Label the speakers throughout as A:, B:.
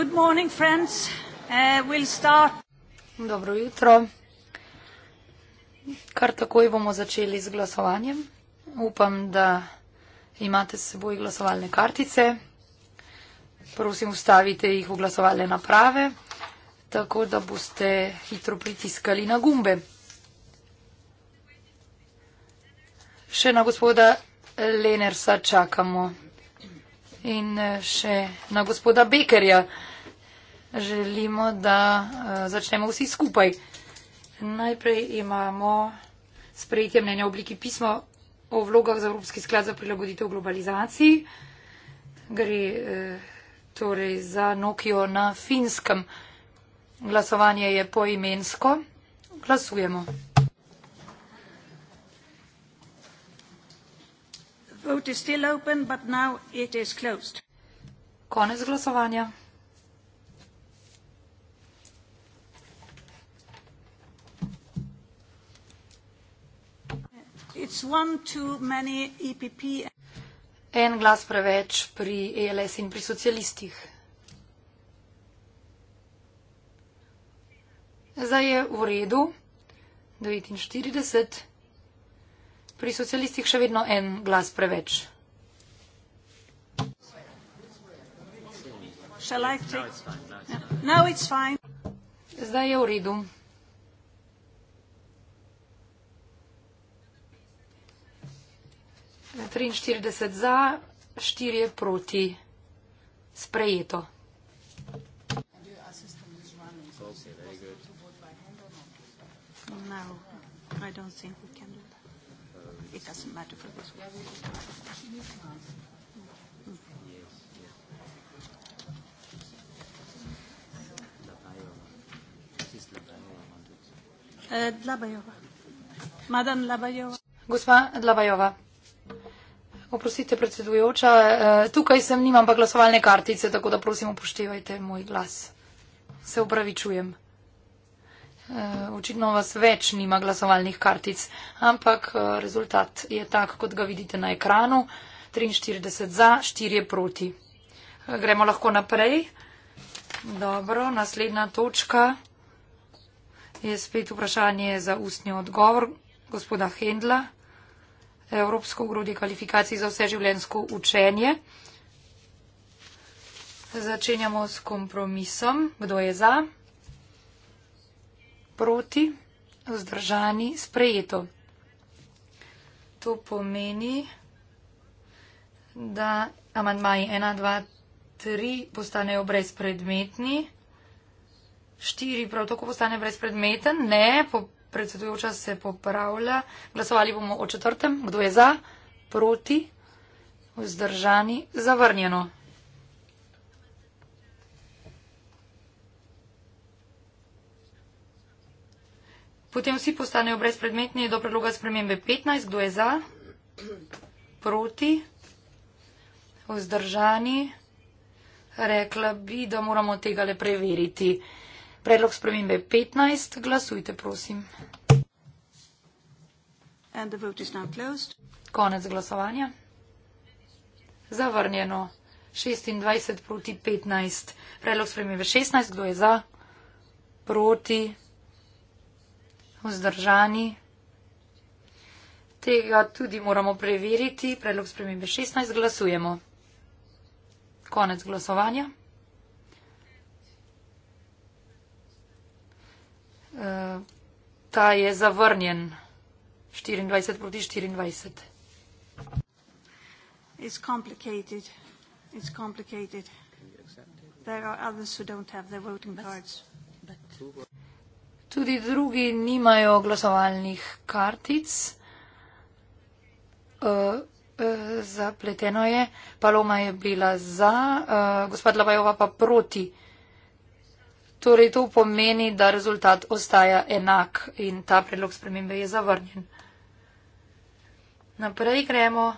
A: Good morning, friends. Uh, we'll start. Dobro jutro. Kar takoj bomo začeli z glasovanjem. Upam, da imate s seboj glasovalne kartice. Prosim, ustavite jih v glasovalne naprave, tako da boste hitro pritiskali na gumbe. Še na gospoda Lenersa čakamo. In eh, še na gospoda Bekerja. Uh, želimo, da uh, začnemo vsi skupaj. Najprej imamo sprejetje mnenja v obliki pisma o vlogah za Evropski sklad za prilagoditev globalizaciji. Gre uh, torej za Nokio na finskem. Glasovanje je poimensko. Glasujemo. Vote is still open, but now it is closed. Konec glasovanja. E en glas preveč pri ELS in pri socialistih. Zdaj je v redu 49, pri socialistih še vedno en glas preveč. No, Zdaj je v redu. 43 za, 4 proti sprejeto. No, uh, Gospa Dlabajova. Oprostite, predsedujoča, eh, tukaj sem, nimam pa glasovalne kartice, tako da prosim upoštevajte moj glas. Se upravičujem. Eh, očitno vas več nima glasovalnih kartic, ampak eh, rezultat je tak, kot ga vidite na ekranu. 43 za, 4 proti. Gremo lahko naprej. Dobro, naslednja točka je spet vprašanje za ustni odgovor gospoda Hendla. Evropsko ogrodje kvalifikacij za vse življensko učenje. Začenjamo s kompromisom. Kdo je za? Proti? Vzdržani? Sprejeto. To pomeni, da amantmaji 1, 2, 3 postanejo brezpredmetni. 4 prav tako postane brezpredmeten. Ne, po, predsedujoča se popravlja. Glasovali bomo o četrtem. Kdo je za? Proti? Vzdržani? Zavrnjeno. Potem vsi postanejo brezpredmetni do predloga spremembe 15. Kdo je za? Proti? Vzdržani? Rekla bi, da moramo tega le preveriti. Predlog spremembe 15. Glasujte, prosim. Konec glasovanja. Zavrnjeno. 26 proti 15. Predlog spremembe 16. Kdo je za? Proti. Vzdržani. Tega tudi moramo preveriti. Predlog spremembe 16. Glasujemo. Konec glasovanja. Eh, ta je zavrnjen 24 proti 24. It's complicated. It's complicated. There are others who don't have their voting cards. Tudi drugi nimajo glasovalnih kartic. Eh, eh, zapleteno je. Paloma je bila za, gospod Lavajova pa proti. Torej, to pomeni, da rezultat ostaja enak in ta predlog spremembe je zavrnjen. Naprej gremo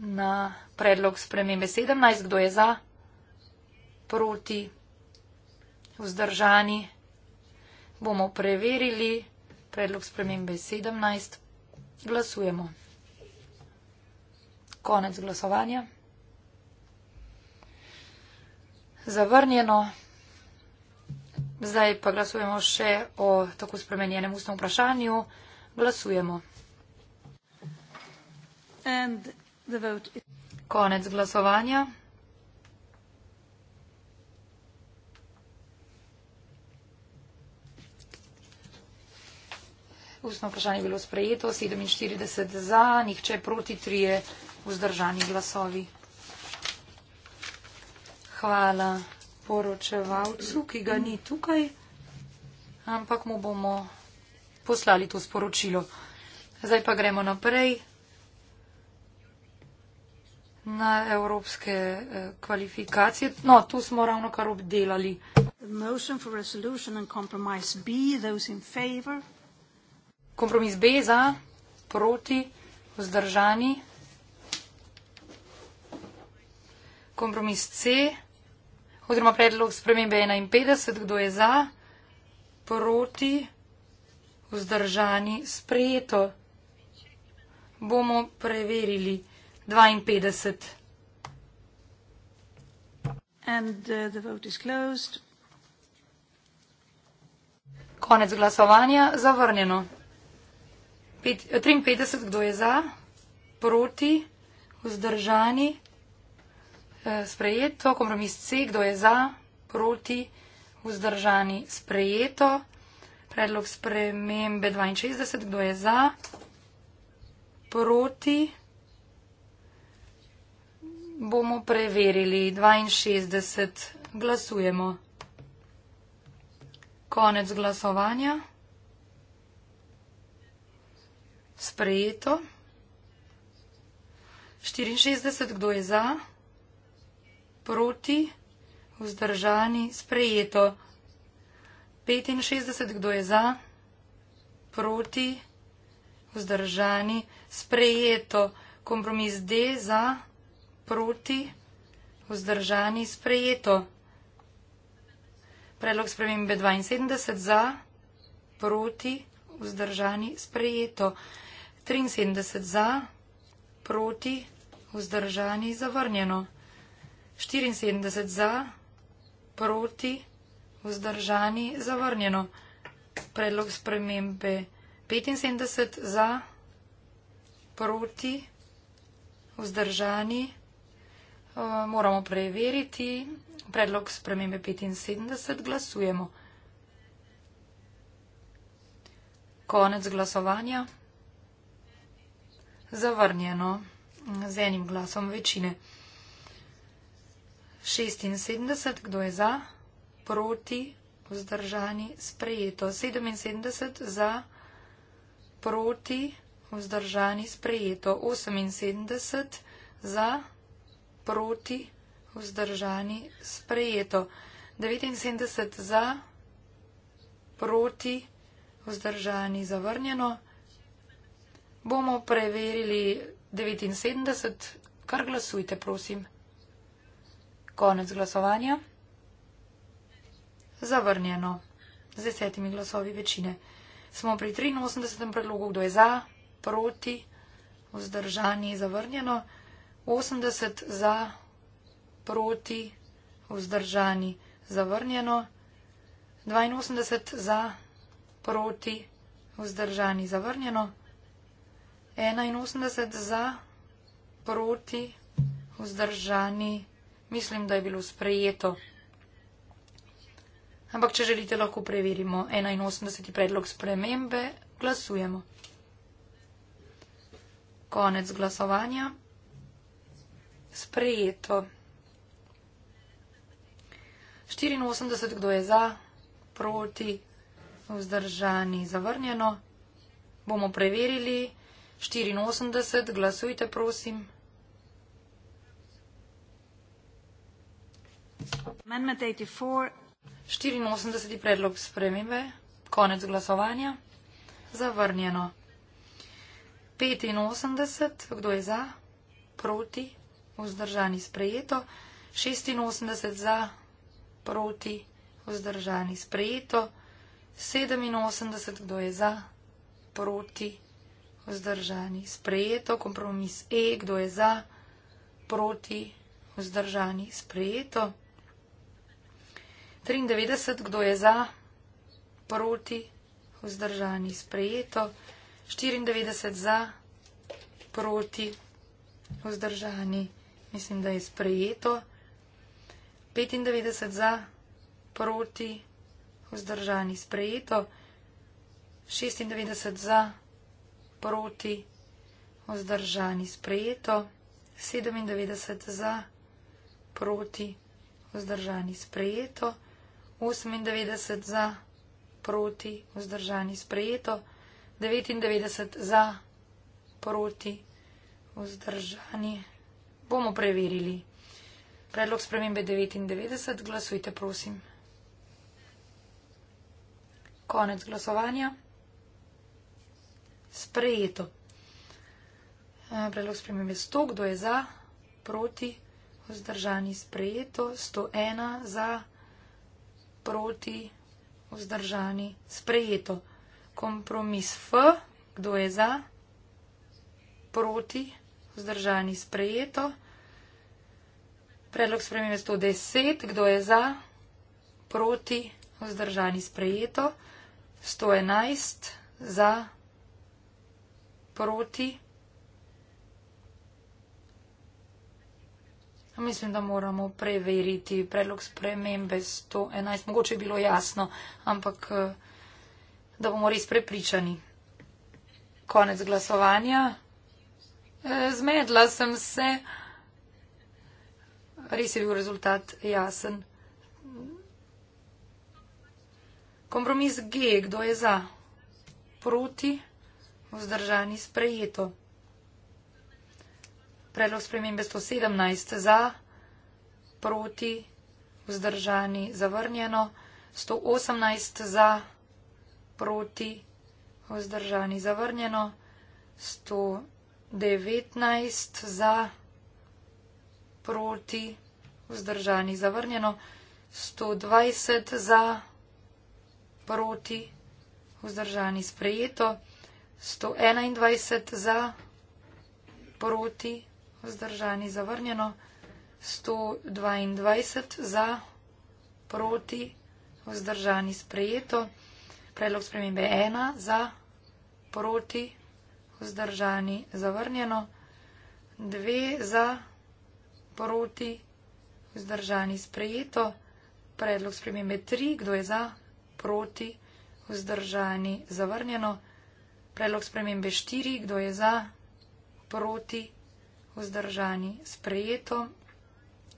A: na predlog spremembe 17. Kdo je za? Proti? Vzdržani? Bomo preverili predlog spremembe 17. Glasujemo. Konec glasovanja. zavrnjeno. Zdaj pa glasujemo še o tako spremenjenem ustnem vprašanju. Glasujemo. Konec glasovanja. Ustno vprašanje je bilo sprejeto, 47 za, nihče proti, 3 vzdržani glasovi. Hvala poročevalcu, ki ga ni tukaj, ampak mu bomo poslali to sporočilo. Zdaj pa gremo naprej na evropske eh, kvalifikacije. No, tu smo ravno kar obdelali. Kompromis B za, proti, vzdržani. Kompromis C. Oziroma predlog spremembe 51, kdo je za, proti, vzdržani, sprejeto. Bomo preverili 52. And, uh, Konec glasovanja, zavrnjeno. Pet, 53, eh, kdo je za, proti, vzdržani, sprejeto. Eh, sprejeto, kompromis C, kdo je za, proti, vzdržani, sprejeto, predlog spremembe 62, kdo je za, proti, bomo preverili 62, glasujemo. Konec glasovanja. Sprejeto. 64, kdo je za? proti, vzdržani, sprejeto. 65, kdo je za, proti, vzdržani, sprejeto. Kompromis D za, proti, vzdržani, sprejeto. Predlog spremembe 72 za, proti, vzdržani, sprejeto. 73 za, proti, vzdržani, zavrnjeno. 74 za, proti, vzdržani, zavrnjeno. Predlog spremembe 75 za, proti, vzdržani. Eh, moramo preveriti. Predlog spremembe 75 glasujemo. Konec glasovanja. Zavrnjeno z enim glasom večine. 76, kdo je za, proti, vzdržani, sprejeto. 77 za, proti, vzdržani, sprejeto. 78 za, proti, vzdržani, sprejeto. 79 za, proti, vzdržani, zavrnjeno. Bomo preverili 79, kar glasujte, prosim. Konec glasovanja. Zavrnjeno. Z desetimi glasovi večine. Smo pri 83. predlogu, kdo je za, proti, vzdržani, zavrnjeno. 80 za, proti, vzdržani, zavrnjeno. 82 za, proti, vzdržani, zavrnjeno. 81 za, proti, vzdržani, zavrnjeno. Mislim, da je bilo sprejeto. Ampak, če želite, lahko preverimo. 81. predlog spremembe. Glasujemo. Konec glasovanja. Sprejeto. 84. Kdo je za? Proti? Vzdržani? Zavrnjeno? Bomo preverili. 84. Glasujte, prosim. 84. predlog spremembe, konec glasovanja, zavrnjeno. 85, kdo je za, proti, vzdržani sprejeto. 86 za, proti, vzdržani sprejeto. 87, kdo je za, proti, vzdržani sprejeto. Kompromis E, kdo je za, proti, vzdržani sprejeto. 93, kdo je za, proti, vzdržani, sprejeto. 94 za, proti, vzdržani, mislim, da je sprejeto. 95 za, proti, vzdržani, sprejeto. 96 za, proti, vzdržani, sprejeto. 97 za, proti, vzdržani, sprejeto. 98 za, proti, vzdržani, sprejeto. 99 za, proti, vzdržani. Bomo preverili. Predlog spremembe 99, glasujte, prosim. Konec glasovanja. Sprejeto. Eh, predlog spremembe 100, kdo je za, proti, vzdržani, sprejeto. 101 za, proti proti, vzdržani, sprejeto. Kompromis F, kdo je za, proti, vzdržani, sprejeto. Predlog spremembe 110, kdo je za, proti, vzdržani, sprejeto. 111, za, proti, vzdržani. Mislim, da moramo preveriti predlog spremembe 111. Mogoče je bilo jasno, ampak eh, da bomo res prepričani. Konec glasovanja. Eh, zmedla sem se. Res je bil rezultat jasen. Kompromis G, kdo je za? Proti? Vzdržani sprejeto. Predlog spremembe 117 za, proti, vzdržani, zavrnjeno. 118 za, proti, vzdržani, zavrnjeno. 119 za, proti, vzdržani, zavrnjeno. 120 za, proti, vzdržani, sprejeto. 121 za, proti, vzdržani
B: vzdržani,
A: zavrnjeno, 122 za, proti, vzdržani, sprejeto, predlog spremembe 1 za, proti, vzdržani, zavrnjeno, 2 za, proti, vzdržani, sprejeto, predlog spremembe 3, kdo je za, proti, vzdržani, zavrnjeno, predlog spremembe 4, kdo je za, proti, vzdržani, zavrnjeno, vzdržani, sprejeto.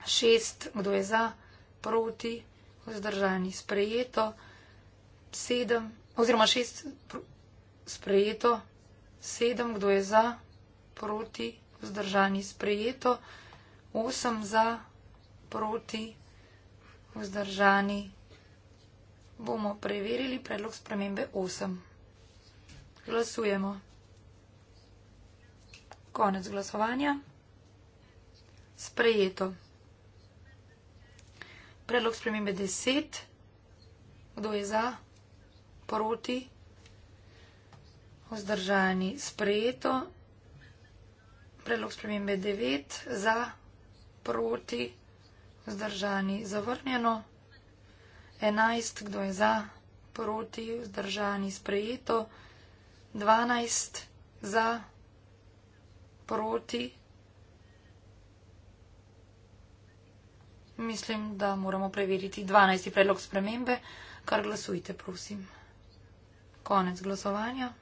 A: Šest, kdo je za, proti, vzdržani, sprejeto. Sedem, oziroma šest, sprejeto. Sedem, kdo je za, proti, vzdržani, sprejeto. Osem za, proti, vzdržani. Bomo preverili predlog spremembe 8. Glasujemo. Konec glasovanja sprejeto. Predlog spremembe 10. Kdo je za? Proti? Vzdržani? Sprejeto. Predlog spremembe 9. Za? Proti? Vzdržani? Zavrnjeno. 11. Kdo je za? Proti? Vzdržani? Sprejeto. 12. Za? Proti? Mislim, da moramo preveriti 12. predlog spremembe, kar glasujte, prosim. Konec glasovanja.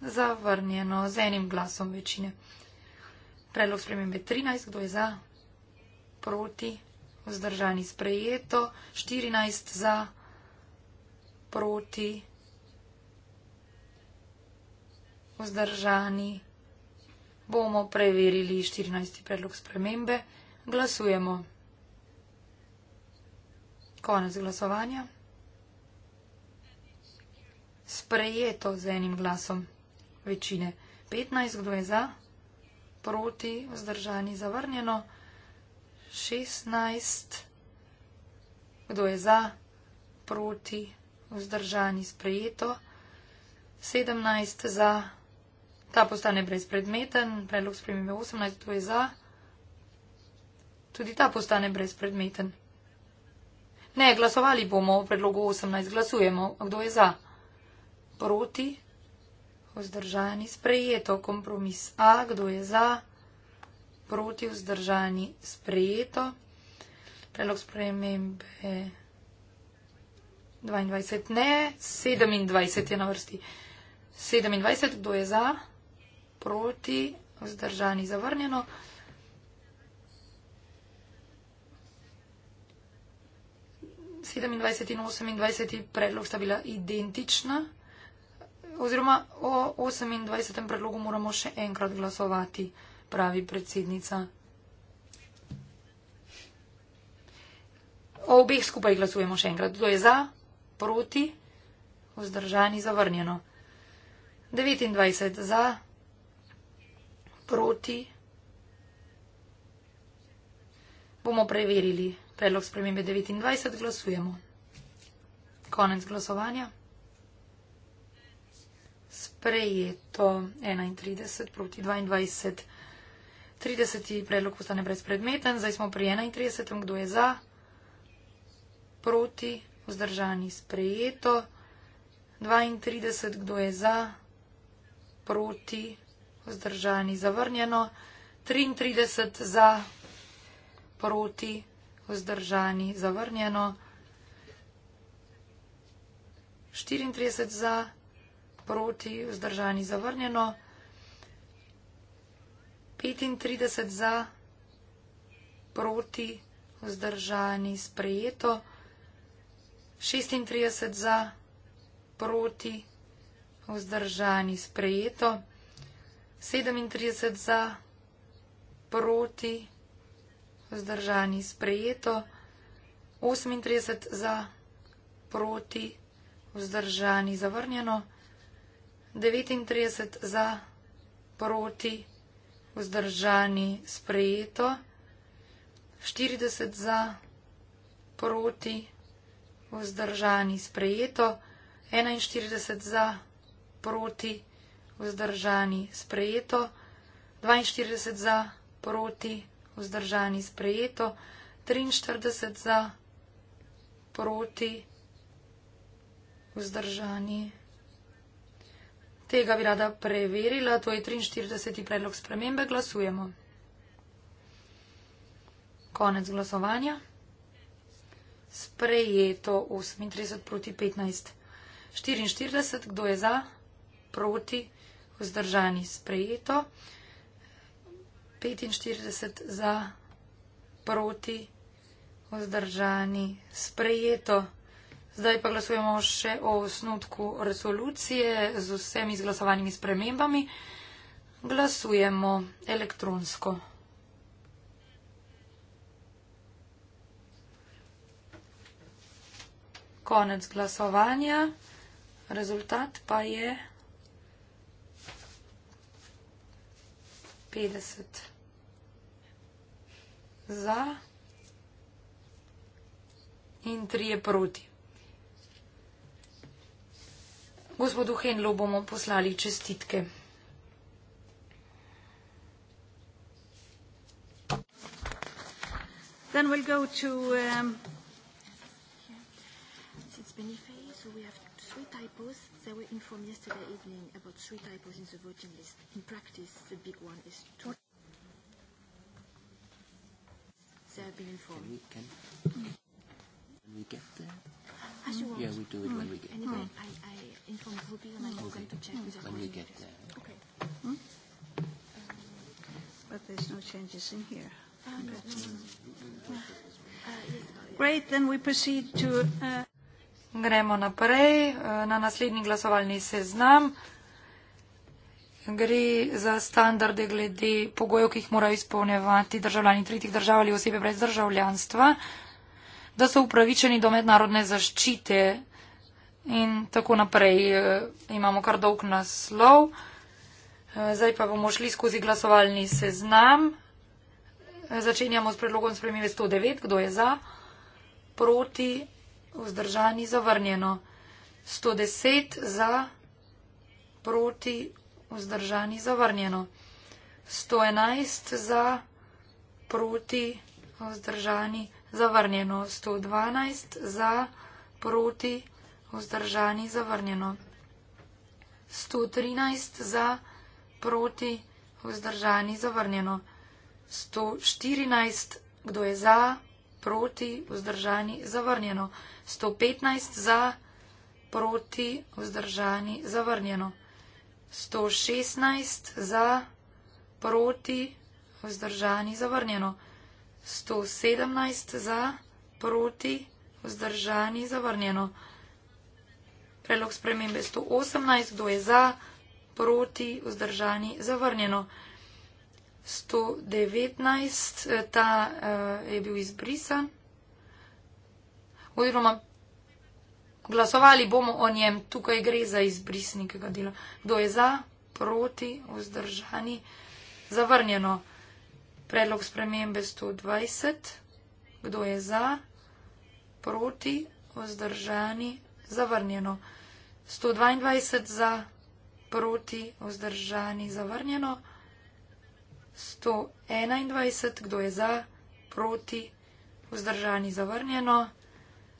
A: Zavrnjeno z enim glasom večine. Predlog spremembe 13. Kdo je za? Proti. Vzdržani sprejeto. 14. Za. Proti. Vzdržani sprejeto bomo preverili 14. predlog spremembe. Glasujemo. Konec glasovanja. Sprejeto z enim glasom večine. 15, kdo je za? Proti, vzdržani, zavrnjeno. 16, kdo je za? Proti, vzdržani, sprejeto. 17 za, Ta postane brezpredmeten, predlog spremembe 18, to je za. Tudi ta postane brezpredmeten. Ne, glasovali bomo o predlogu 18, glasujemo, kdo je za. Proti, vzdržani, sprejeto, kompromis A, kdo je za. Proti, vzdržani, sprejeto. Predlog spremembe 22, ne, 27 je na vrsti. 27, kdo je za? proti, vzdržani zavrnjeno. Sedemindvajset in osemindvajset predlog sta bila identična, oziroma o osemindvajsetem predlogu moramo še enkrat glasovati, pravi predsednica. O obeh skupaj glasujemo še enkrat. To je za, proti, vzdržani, zavrnjeno. 29 za, proti. Bomo preverili predlog spremembe 29. Glasujemo. Konec glasovanja. Sprejeto 31 proti 22. 30. predlog postane brezpredmeten. Zdaj smo pri 31. Kdo je za? Proti. Vzdržani. Sprejeto. 32. Kdo je za? Proti vzdržani, zavrnjeno, 33 za, proti, vzdržani, zavrnjeno, 34 za, proti, vzdržani, zavrnjeno, 35 za, proti, vzdržani, sprejeto, 36 za, proti, vzdržani, sprejeto, 37 za, proti, vzdržani, sprejeto. 38 za, proti, vzdržani, zavrnjeno. 39 za, proti, vzdržani, sprejeto. 40 za, proti, vzdržani, sprejeto. 41 za, proti, vzdržani vzdržani, sprejeto, 42 za, proti, vzdržani, sprejeto, 43 za, proti, vzdržani. Tega bi rada preverila, to je 43. predlog spremembe, glasujemo. Konec glasovanja. Sprejeto 38 proti 15. 44, kdo je za? Proti vzdržani sprejeto, 45 za, proti, vzdržani sprejeto. Zdaj pa glasujemo še o osnutku resolucije z vsemi izglasovanimi spremembami. Glasujemo elektronsko. Konec glasovanja. Rezultat pa je. 50 za in 3 proti. Gospodu Henlu bomo poslali čestitke. Then we'll go to um, it's Benifei, so we have three typos they were informed yesterday evening about three typos in the voting list. In practice, the big one is 20.
B: They have been informed. Can we, can, mm. when we get there?
A: As mm. you want. Yeah, we do it mm. when we get mm. there. Anyway,
B: mm. I, I inform Ruby and mm. I'm okay. going to check mm. with When we get interest. there. Okay.
A: Mm? But there's no changes in here.
B: Uh, no. No. Mm. Uh, yes,
A: uh, yeah. Great, then we proceed to... Uh, Gremo naprej eh, na naslednji glasovalni seznam. Gre za standarde glede pogojev, ki jih morajo izpolnevati državljani tretjih držav ali osebe brez državljanstva, da so upravičeni do mednarodne zaščite in tako naprej. Eh, imamo kar dolg naslov. Eh, zdaj pa bomo šli skozi glasovalni seznam. Začenjamo s predlogom spremembe 109. Kdo je za? Proti? vzdržani zavrnjeno. 110 za, proti, vzdržani zavrnjeno. 111 za, proti, vzdržani zavrnjeno. 112 za, proti, vzdržani zavrnjeno. 113 za, proti, vzdržani zavrnjeno. 114, kdo je za, proti, vzdržani, zavrnjeno. 115 za, proti, vzdržani, zavrnjeno. 116 za, proti, vzdržani, zavrnjeno. 117 za, proti, vzdržani, zavrnjeno. Predlog spremembe 118, kdo je za, proti, vzdržani, zavrnjeno. 119, eh, ta uh, je bil izbrisan. Oziroma, glasovali bomo o njem, tukaj gre za izbris nekega dela. Kdo je za, proti, vzdržani, zavrnjeno. Predlog spremembe 120. Kdo je za, proti, vzdržani, zavrnjeno. 122 za, proti, vzdržani, zavrnjeno. 121, kdo je za, proti, vzdržani zavrnjeno,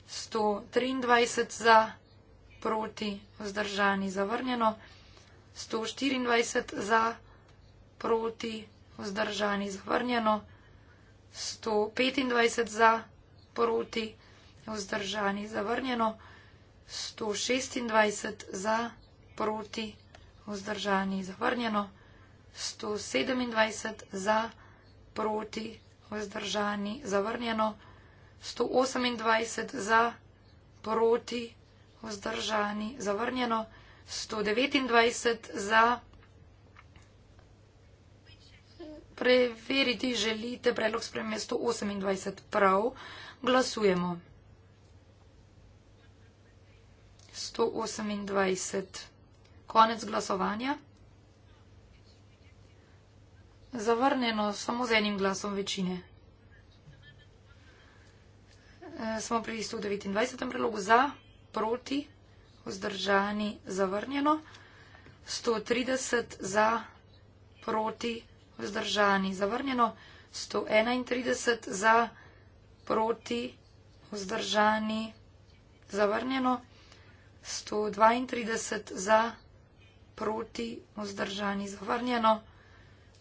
A: 123 za, proti, vzdržani zavrnjeno, 124 za, proti, vzdržani zavrnjeno, 125 za, proti, vzdržani zavrnjeno, 126 za, proti, vzdržani zavrnjeno. 126 za, proti, 127 za, proti, vzdržani, zavrnjeno. 128 za, proti, vzdržani, zavrnjeno. 129 za. Preveriti želite predlog spremembe 128 prav. Glasujemo. 128. Konec glasovanja. Zavrnjeno samo z enim glasom večine. E, smo pri 129. predlogu za, proti, vzdržani, zavrnjeno. 130 za, proti, vzdržani, zavrnjeno. 131 za, proti, vzdržani, zavrnjeno. 132 za, proti, vzdržani, zavrnjeno.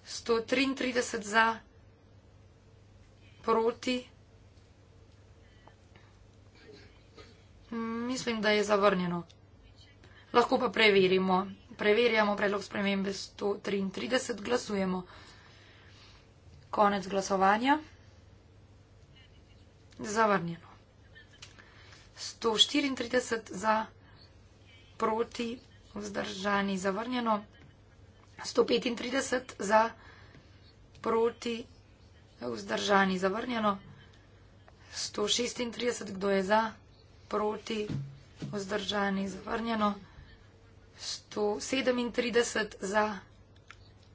A: 133 za, proti. Mislim, da je zavrnjeno. Lahko pa preverimo. Preverjamo predlog spremembe 133, glasujemo. Konec glasovanja. Zavrnjeno. 134 za, proti, vzdržani, zavrnjeno. 135 za, proti, vzdržani, zavrnjeno. 136, kdo je za, proti, vzdržani, zavrnjeno. 137 za,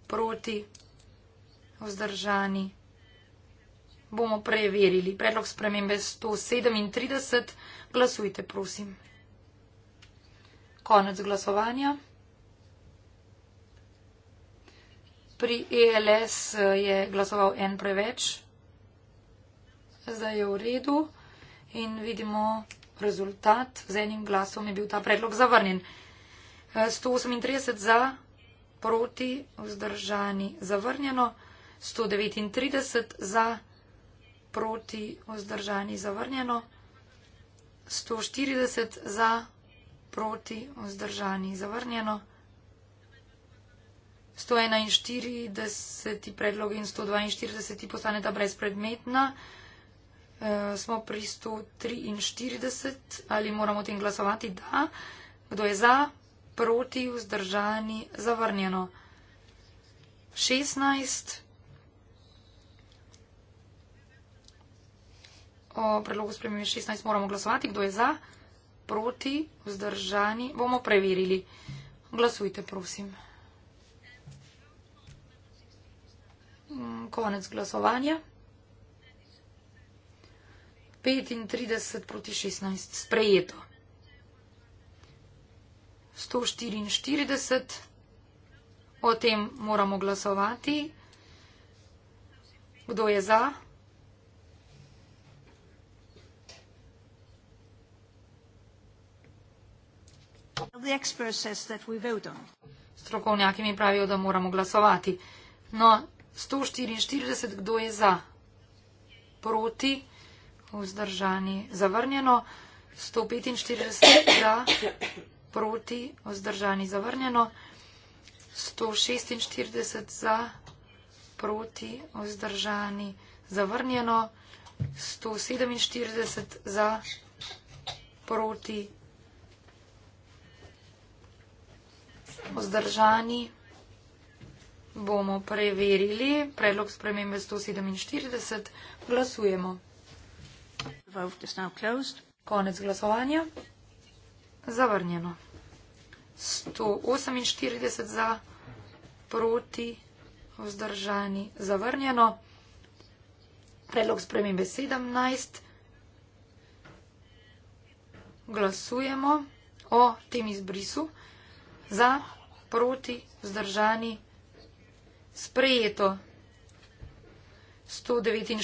A: proti, vzdržani. Bomo preverili. Predlog spremembe 137. Glasujte, prosim. Konec glasovanja. pri ELS eh, je glasoval en preveč. Zdaj je v redu in vidimo rezultat. Z enim glasom je bil ta predlog zavrnjen. 138 eh, za, proti, vzdržani, zavrnjeno. 139 za, proti, vzdržani, zavrnjeno. 140 za, proti, vzdržani, zavrnjeno. 141 predlogi in 142 postane ta brezpredmetna. Uh, smo pri 143, ali moramo o tem glasovati, da. Kdo je za, proti, vzdržani, zavrnjeno. 16. O predlogu spremembe 16 moramo glasovati. Kdo je za, proti, vzdržani, bomo preverili. Glasujte, prosim. Mm, konec glasovanja. 35 proti 16 sprejeto. 144. O tem moramo glasovati. Kdo je za? Strokovnjaki mi pravijo, da moramo glasovati. No, 144, kdo je za, proti, vzdržani, zavrnjeno, 145, za, proti, vzdržani, zavrnjeno, 146, za, proti, vzdržani, zavrnjeno, 147, za, proti, vzdržani, zavrnjeno, Bomo preverili predlog spremembe 147. Glasujemo. Vote is now closed. Konec glasovanja. Zavrnjeno. 148 za, proti, vzdržani, zavrnjeno. Predlog spremembe 17. Glasujemo o tem izbrisu. Za, proti, vzdržani, zavrnjeno sprejeto. 149,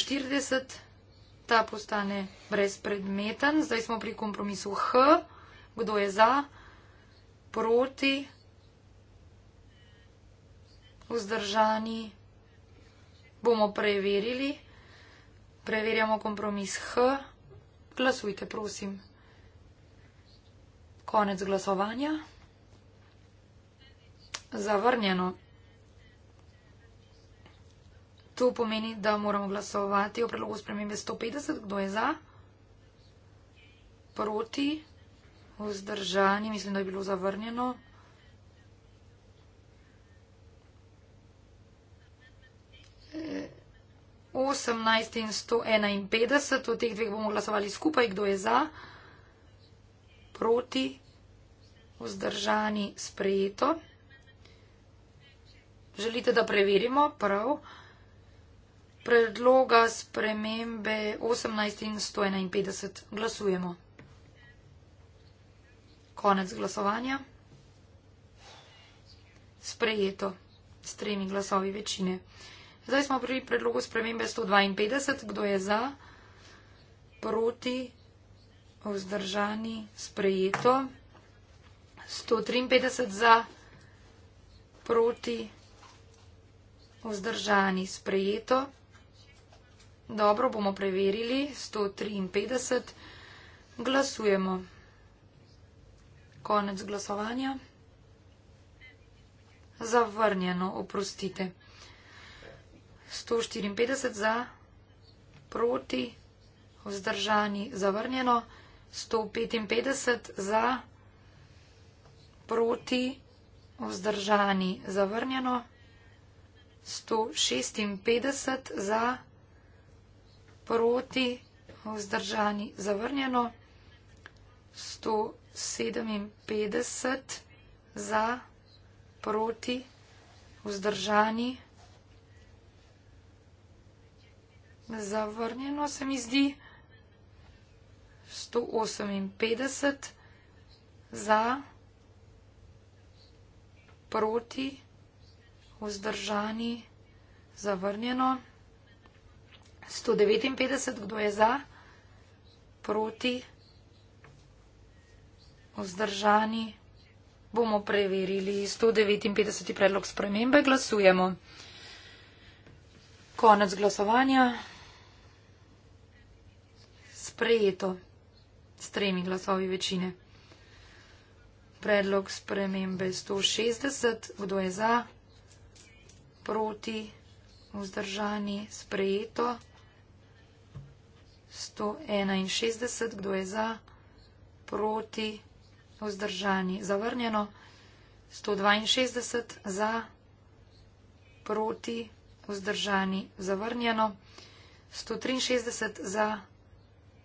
A: ta postane brezpredmeten. Zdaj smo pri kompromisu H. Kdo je za, proti, vzdržani, bomo preverili. Preverjamo kompromis H. Glasujte, prosim. Konec glasovanja. Zavrnjeno. To pomeni, da moramo glasovati o predlogu spremembe 150. Kdo je za? Proti? Vzdržani? Mislim, da je bilo zavrnjeno. E, 18 in 151. O teh dveh bomo glasovali skupaj. Kdo je za? Proti? Vzdržani? Sprejeto. Želite, da preverimo? Prav predloga spremembe 18 in 151 glasujemo. Konec glasovanja. Sprejeto s tremi glasovi večine. Zdaj smo pri predlogu spremembe 152. Kdo je za? Proti? Vzdržani? Sprejeto. 153 za? Proti? Vzdržani? Sprejeto. Dobro, bomo preverili. 153. Glasujemo. Konec glasovanja. Zavrnjeno, oprostite. 154 za, proti, vzdržani, zavrnjeno. 155 za, proti, vzdržani, zavrnjeno. 156 za, proti, vzdržani, zavrnjeno. 156 za, proti, vzdržani, zavrnjeno proti, vzdržani, zavrnjeno, 157 za, proti, vzdržani, zavrnjeno se mi zdi, 158 za, proti, vzdržani, zavrnjeno. 159, kdo je za, proti, vzdržani. Bomo preverili 159. predlog spremembe. Glasujemo. Konec glasovanja. Sprejeto s tremi glasovi večine. Predlog spremembe 160. Kdo je za? Proti? Vzdržani? Sprejeto? 161, kdo je za, proti, vzdržani, zavrnjeno. 162 za, proti, vzdržani, zavrnjeno. 163 za,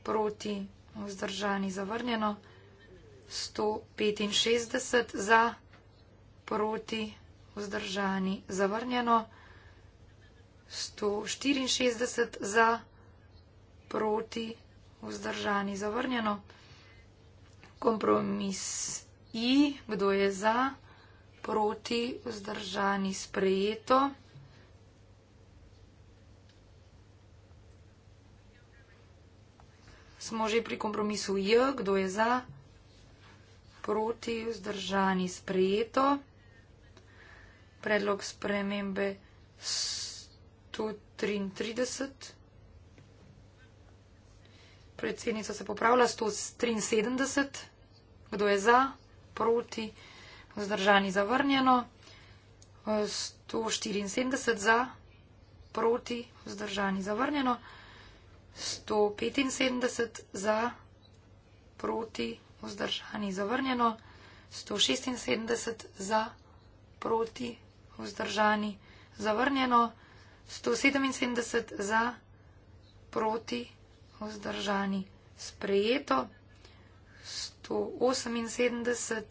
A: proti, vzdržani, zavrnjeno. 165 za, proti, vzdržani, zavrnjeno. 164 za, proti, vzdržani, zavrnjeno proti, vzdržani, zavrnjeno. Kompromis I, kdo je za, proti, vzdržani, sprejeto. Smo že pri kompromisu J, kdo je za, proti, vzdržani, sprejeto. Predlog spremembe 133 predsednica se popravlja 173. Kdo je za, proti, vzdržani zavrnjeno. 174 za, proti, vzdržani zavrnjeno. 175 za, proti, vzdržani zavrnjeno. 176 za, proti, vzdržani zavrnjeno. 177 za, proti, vzdržani zavrnjeno. 177 za, proti, vzdržani, sprejeto 178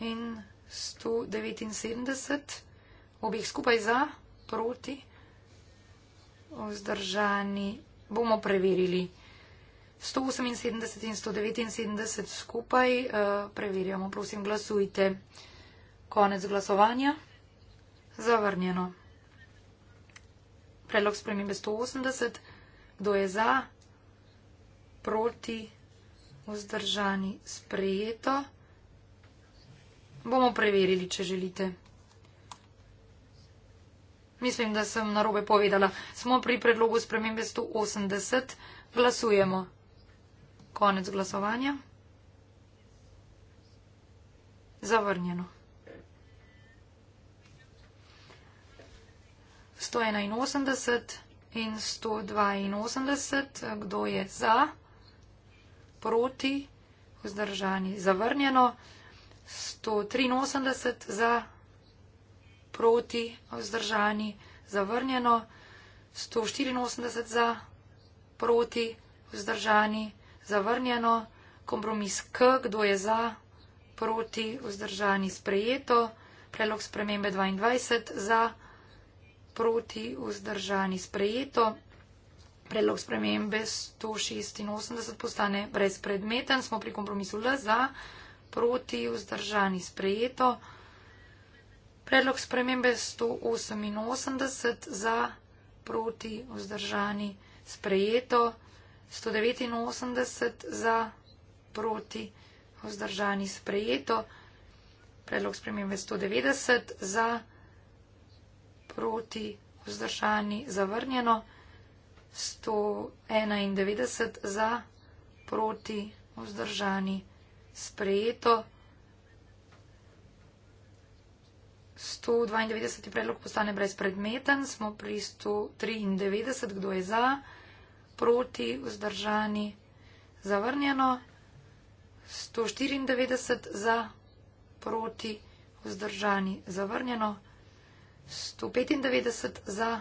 A: in 179, obih skupaj za, proti, vzdržani, bomo preverili. 178 in 179 skupaj uh, preverjamo, prosim, glasujte. Konec glasovanja. Zavrnjeno. Predlog spremembe 180. Kdo je za? Proti? Vzdržani? Sprejeto? Bomo preverili, če želite. Mislim, da sem narobe povedala. Smo pri predlogu spremembe 180. Glasujemo. Konec glasovanja. Zavrnjeno. 181 in 182. Kdo je za, proti, vzdržani, zavrnjeno. 183 za, proti, vzdržani, zavrnjeno. 184 za, proti, vzdržani, zavrnjeno. Kompromis K, kdo je za, proti, vzdržani, sprejeto. Predlog spremembe 22 za, proti proti vzdržani sprejeto. Predlog spremembe 186 postane brezpredmeten. Smo pri kompromisu L za proti vzdržani sprejeto. Predlog spremembe 188 za proti vzdržani sprejeto. 189 za proti vzdržani sprejeto. Predlog spremembe 190 za proti vzdržani sprejeto proti, vzdržani, zavrnjeno, 191 za, proti, vzdržani, sprejeto. 192. predlog postane brezpredmeten, smo pri 193, kdo je za, proti, vzdržani, zavrnjeno, 194 za, proti, vzdržani, zavrnjeno, 193. 195 za,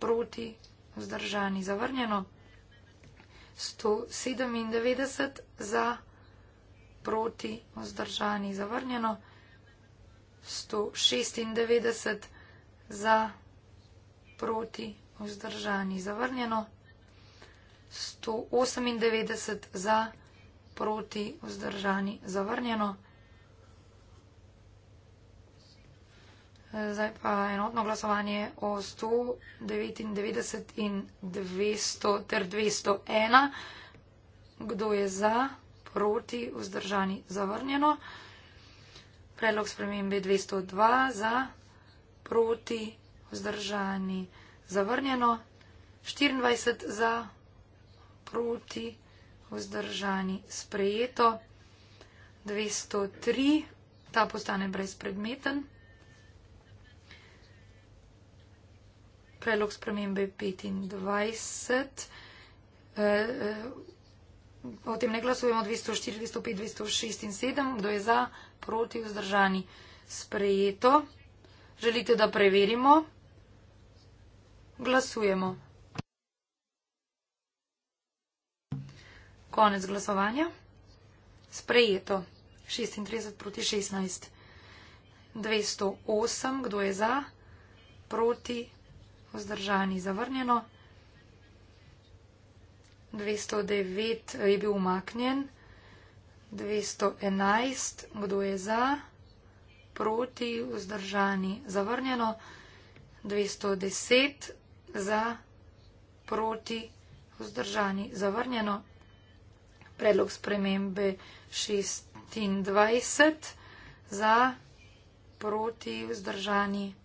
A: proti, vzdržani, zavrnjeno. 197 za, proti, vzdržani, zavrnjeno. 196 za, proti, vzdržani, zavrnjeno. 198 za, proti, vzdržani, zavrnjeno. Zdaj pa enotno glasovanje o 199 in 200 ter 201. Kdo je za, proti, vzdržani, zavrnjeno. Predlog spremembe 202 za, proti, vzdržani, zavrnjeno. 24 za, proti, vzdržani, sprejeto. 203, ta postane brezpredmeten. predlog spremembe 25. Eh, eh, o tem ne glasujemo 204, 205, 206 in 7. Kdo je za, proti, vzdržani? Sprejeto. Želite, da preverimo? Glasujemo. Konec glasovanja. Sprejeto. 36 proti 16. 208. Kdo je za? Proti vzdržani, zavrnjeno. 209 je bil umaknjen, 211, kdo je za, proti, vzdržani, zavrnjeno, 210 za, proti, vzdržani, zavrnjeno, predlog spremembe 26 za, proti, vzdržani, zavrnjeno.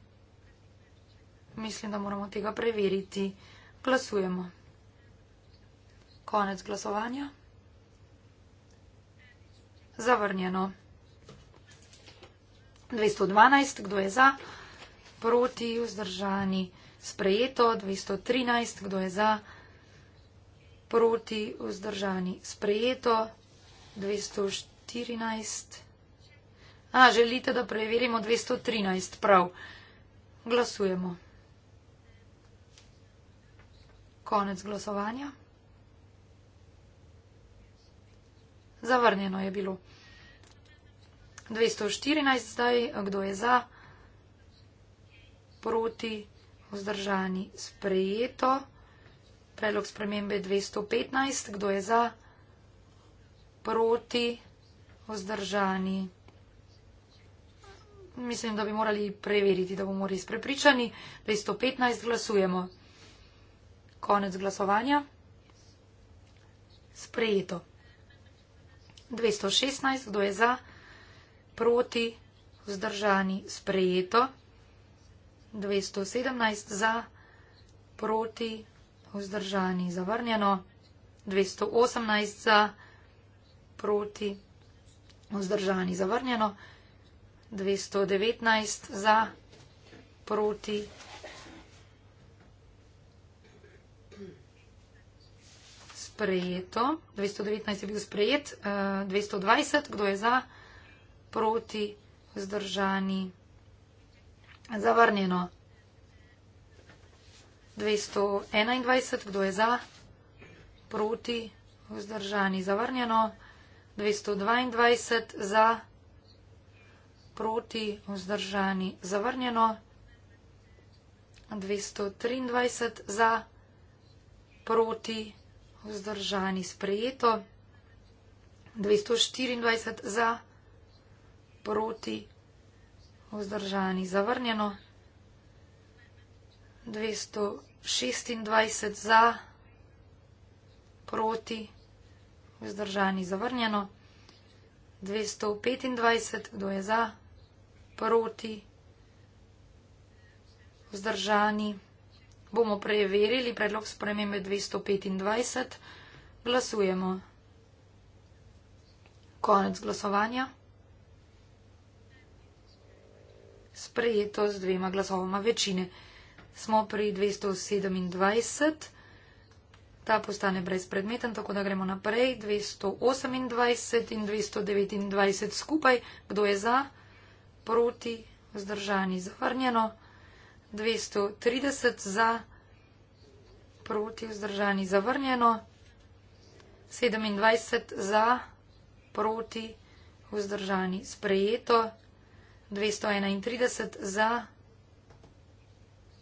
A: Mislim, da moramo tega preveriti. Glasujemo. Konec glasovanja. Zavrnjeno. 212, kdo je za? Proti, vzdržani, sprejeto. 213, kdo je za? Proti, vzdržani, sprejeto. 214. A, želite, da preverimo 213, prav. Glasujemo. Konec glasovanja. Zavrnjeno je bilo. 214 zdaj, kdo je za, proti, vzdržani, sprejeto. Predlog spremembe 215, kdo je za, proti, vzdržani. Mislim, da bi morali preveriti, da bomo res prepričani. 215 glasujemo. Konec glasovanja. Sprejeto. 216, kdo je za, proti, vzdržani, sprejeto. 217 za, proti, vzdržani, zavrnjeno. 218 za, proti, vzdržani, zavrnjeno. 219 za, proti, vzdržani. sprejeto. 219 je bil sprejet, 220, eh, kdo je za, proti, vzdržani, zavrnjeno. 221, kdo je za, proti, vzdržani, zavrnjeno. 222 za, proti, vzdržani, zavrnjeno. 223 za, proti, vzdržani vzdržani sprejeto, 224 za, proti, vzdržani zavrnjeno, 226 za, proti, vzdržani zavrnjeno, 225, kdo je za, proti, vzdržani zavrnjeno. Bomo preverili predlog spremembe 225. Glasujemo. Konec glasovanja. Sprejeto z dvema glasovoma večine. Smo pri 227. Ta postane brezpredmeten, tako da gremo naprej. 228 in 229 skupaj. Kdo je za? Proti? Zdržani? Zavrnjeno? 230 za, proti vzdržani zavrnjeno, 27 za, proti vzdržani sprejeto, 231 za,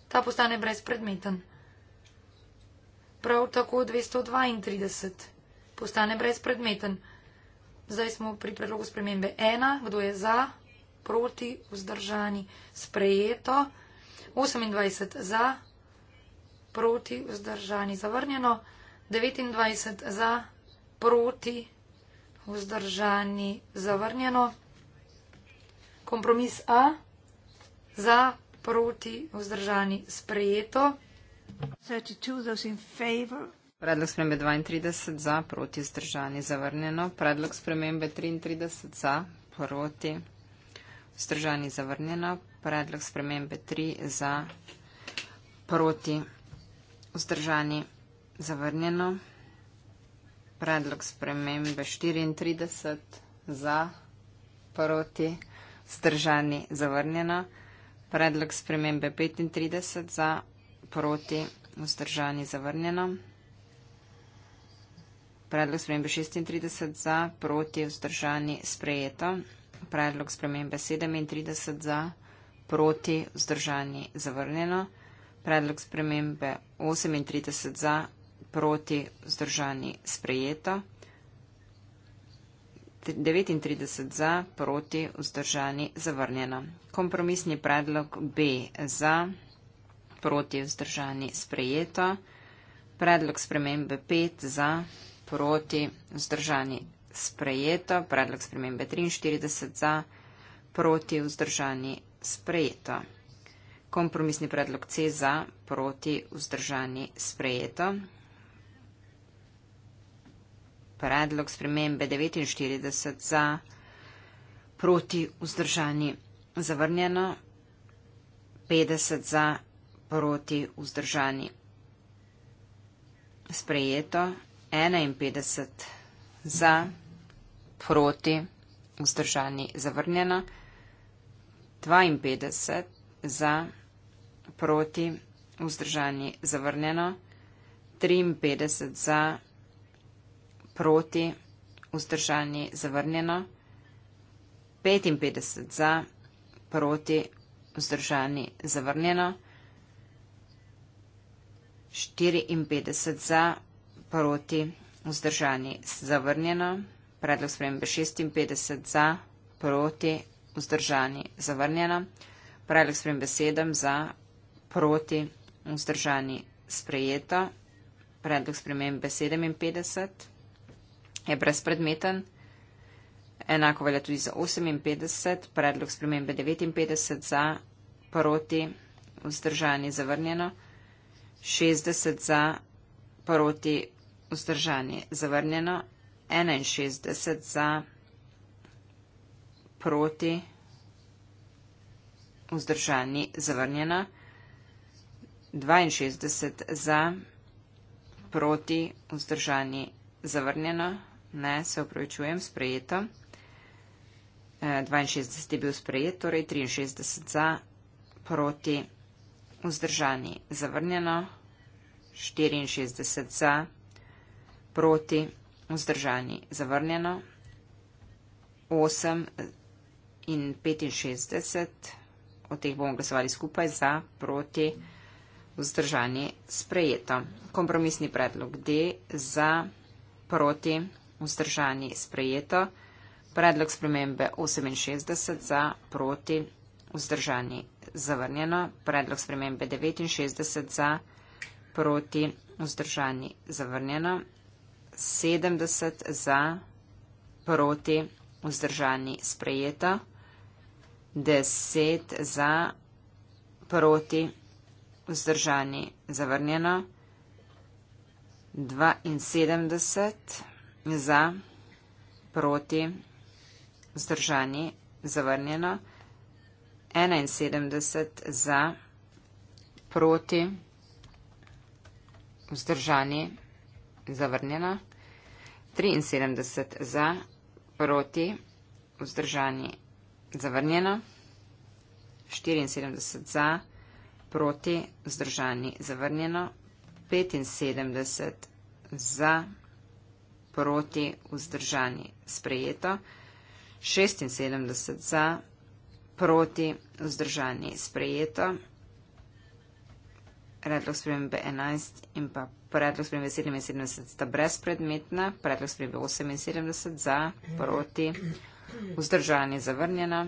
A: ta postane brezpredmeten. Prav tako 232 postane brezpredmeten. Zdaj smo pri predlogu spremembe 1, kdo je za, proti, vzdržani, sprejeto. 28 za, proti, vzdržani, zavrnjeno, 29 za, proti, vzdržani, zavrnjeno, kompromis A, za, proti, vzdržani, sprejeto.
B: Predlog spremembe 32 za, proti, vzdržani, zavrnjeno, predlog spremembe 33 za, proti, vzdržani, zavrnjeno, predlog spremembe 3 za proti vzdržani zavrnjeno, predlog spremembe 34 za proti vzdržani zavrnjeno, predlog spremembe 35 za proti vzdržani zavrnjeno, predlog spremembe 36 za proti vzdržani sprejeto, predlog spremembe 37 za proti vzdržani zavrnjeno, proti, vzdržani, zavrnjeno. Predlog spremembe 38 za, proti, vzdržani, sprejeto. 39 za, proti, vzdržani, zavrnjeno. Kompromisni predlog B za, proti, vzdržani, sprejeto. Predlog spremembe 5 za, proti, vzdržani, sprejeto. Predlog spremembe 43 za, proti, vzdržani, sprejeto. Kompromisni predlog C za, proti, vzdržani, sprejeto. Predlog spremembe 49 za, proti, vzdržani, zavrnjeno. 50 za, proti, vzdržani, sprejeto. 51 za, proti, vzdržani, zavrnjeno. 52 za, proti, vzdržani, zavrnjeno, 53 za, proti, vzdržani, zavrnjeno, 55 za, proti, vzdržani, zavrnjeno, 54 za, proti, vzdržani, zavrnjeno, predlog spremembe 56 za, proti, vzdržani zavrnjena. Predlog s prem besedem za proti vzdržani sprejeto. Predlog s prem besedem in 50 je brezpredmeten. Enako velja tudi za 58. Predlog s prem 59 za proti vzdržani zavrnjeno. 60 za proti vzdržani zavrnjeno. 61 za proti vzdržani zavrnjeno proti, vzdržani, zavrnjena, 62 za, proti, vzdržani, zavrnjena, ne, se upravičujem, sprejeto. 62 e, je bil sprejet, torej 63 za, proti, vzdržani, zavrnjeno, 64 za, proti, vzdržani, zavrnjeno, 8 in 65, od teh bomo glasovali skupaj za, proti, vzdržani, sprejeto. Kompromisni predlog D za, proti, vzdržani, sprejeto. Predlog spremembe 68 za, proti, vzdržani, zavrnjeno. Predlog spremembe 69 za, proti, vzdržani, zavrnjeno. 70 za, proti, vzdržani, sprejeto. 10 za, proti, vzdržani, zavrnjeno, 72 za, proti, vzdržani, zavrnjeno, 71 za, proti, vzdržani, zavrnjeno, 73 za, proti, vzdržani, zavrnjeno zavrnjeno, 74 za, proti, vzdržani, zavrnjeno, 75 za, proti, vzdržani, sprejeto, 76 za, proti, vzdržani, sprejeto, predlog spremembe 11 in pa predlog spremembe 77 sta brezpredmetna, predlog spremembe 78 za, proti, vzdržani vzdržan je zavrnjena,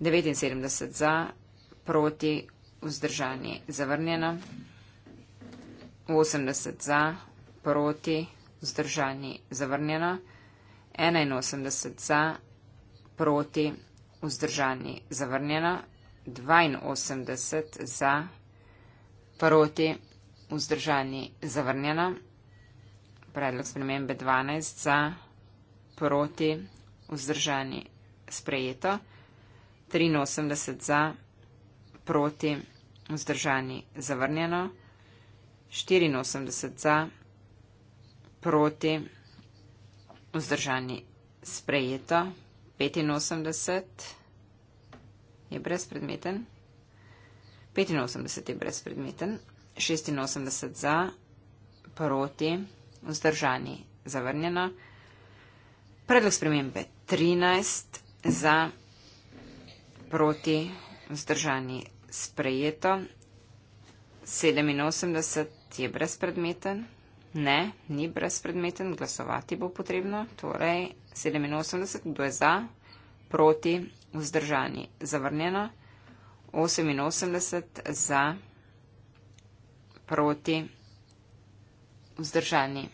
B: 79 za, proti, vzdržan je zavrnjena, 80 za, proti, vzdržan je zavrnjena, 81 za, proti, vzdržan je zavrnjena, 82 za, proti, vzdržan je zavrnjena, predlog spremembe 12 za, proti, vzdržani sprejeto, 83 za, proti vzdržani zavrnjeno, 84 za, proti vzdržani sprejeto, 85 je brezpredmeten, 85 je brezpredmeten, 86 za, proti vzdržani zavrnjeno, predlog spremembe 13 za, proti, vzdržani sprejeto, 87 je brezpredmeten, ne, ni brezpredmeten, glasovati bo potrebno, torej 87, kdo je za, proti, vzdržani, zavrnjeno, 88 za, proti, vzdržani.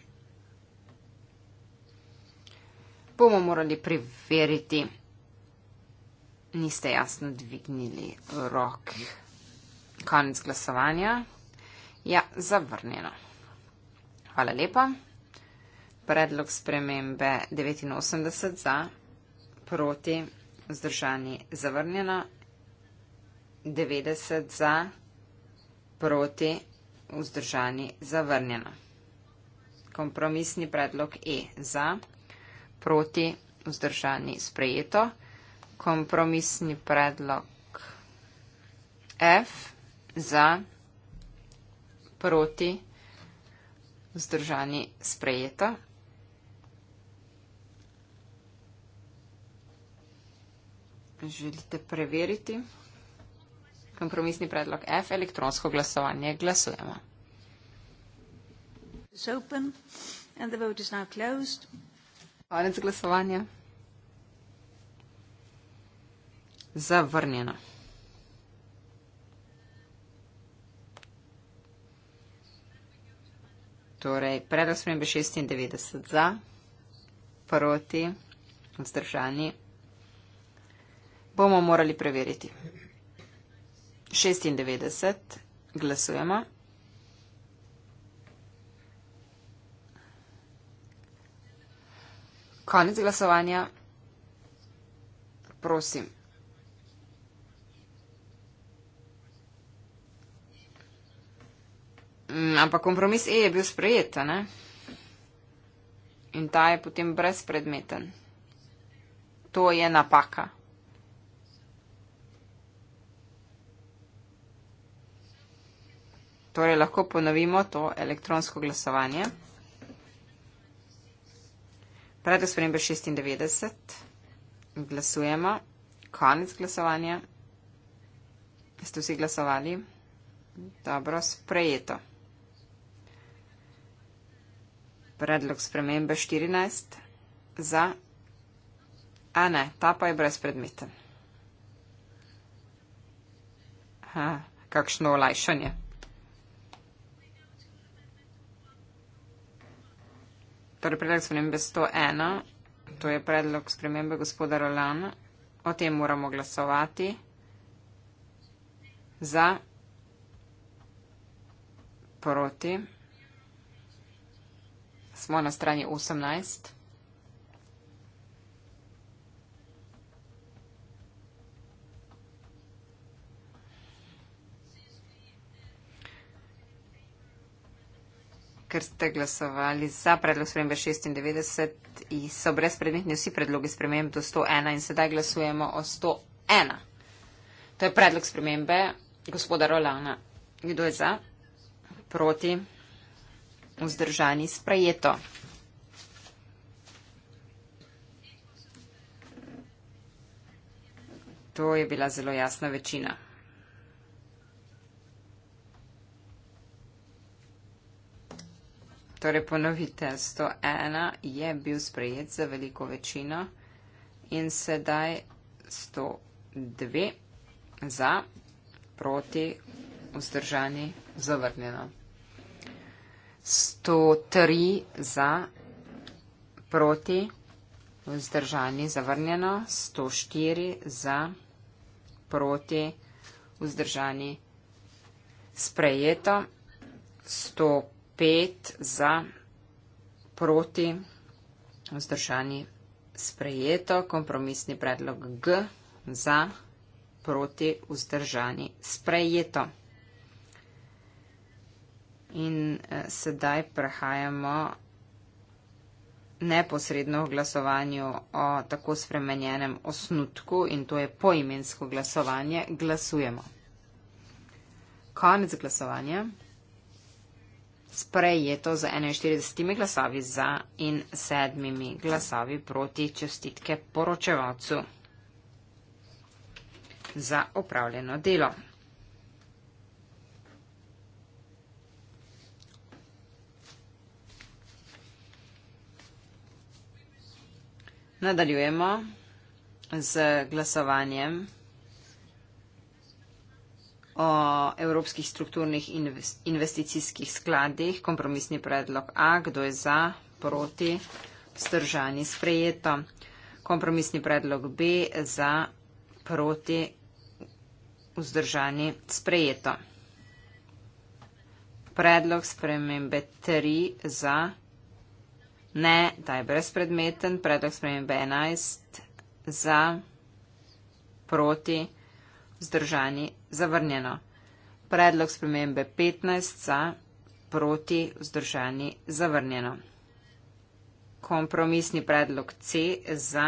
B: bomo morali preveriti. Niste jasno dvignili rok. Konec glasovanja. Ja, zavrnjeno. Hvala lepa. Predlog spremembe 89 za, proti, vzdržani, zavrnjeno. 90 za, proti, vzdržani, zavrnjeno. Kompromisni predlog E za proti vzdržani sprejeto. Kompromisni predlog F za proti vzdržani sprejeto. Želite preveriti? Kompromisni predlog F, elektronsko glasovanje. Glasujemo. It's open and the vote is now closed. Konec glasovanja. Zavrnjeno. Torej, predlog spremembe 96 za, proti, vzdržani, bomo morali preveriti. 96, glasujemo. Konec glasovanja. Prosim. Mm, ampak kompromis E je bil sprejet, ne? In ta je potem brezpredmeten. To je napaka. Torej lahko ponovimo to elektronsko glasovanje. Predlog spremembe 96. Glasujemo. Konec glasovanja. Ste vsi glasovali? Dobro, sprejeto. Predlog spremembe 14. Za. A ne, ta pa je brezpredmeten. Ha, kakšno olajšanje. Torej, predlog spremembe 101, to je predlog spremembe gospoda Rolana, o tem moramo glasovati za, proti. Smo na strani 18. ker ste glasovali za predlog spremembe 96, so brezpredmetni vsi predlogi sprememb do 101 in sedaj glasujemo o 101. To je predlog spremembe gospoda Rolana. Kdo je za? Proti? Vzdržani? Sprejeto. To je bila zelo jasna večina. Torej, ponovite, 101 je bil sprejet za veliko večino in sedaj 102 za, proti, vzdržani, zavrnjeno. 103 za, proti, vzdržani, zavrnjeno. 104 za, proti, vzdržani, sprejeto. 105 pet za, proti, vzdržani sprejeto, kompromisni predlog G za, proti, vzdržani sprejeto. In eh, sedaj prehajamo neposredno v glasovanju o tako spremenjenem osnutku in to je poimensko glasovanje. Glasujemo. Konec glasovanja sprejeto z 41 glasovi za in sedmimi glasovi proti čestitke poročevalcu za opravljeno delo. Nadaljujemo z glasovanjem o evropskih strukturnih investicijskih skladih, kompromisni predlog A, kdo je za, proti, vzdržani, sprejeto. Kompromisni predlog B, za, proti, vzdržani, sprejeto. Predlog spremembe 3 za, ne, ta je brezpredmeten. Predlog spremembe 11 za, proti, vzdržani vzdržani, zavrnjeno. Predlog spremembe 15 za, proti, vzdržani, zavrnjeno. Kompromisni predlog C za,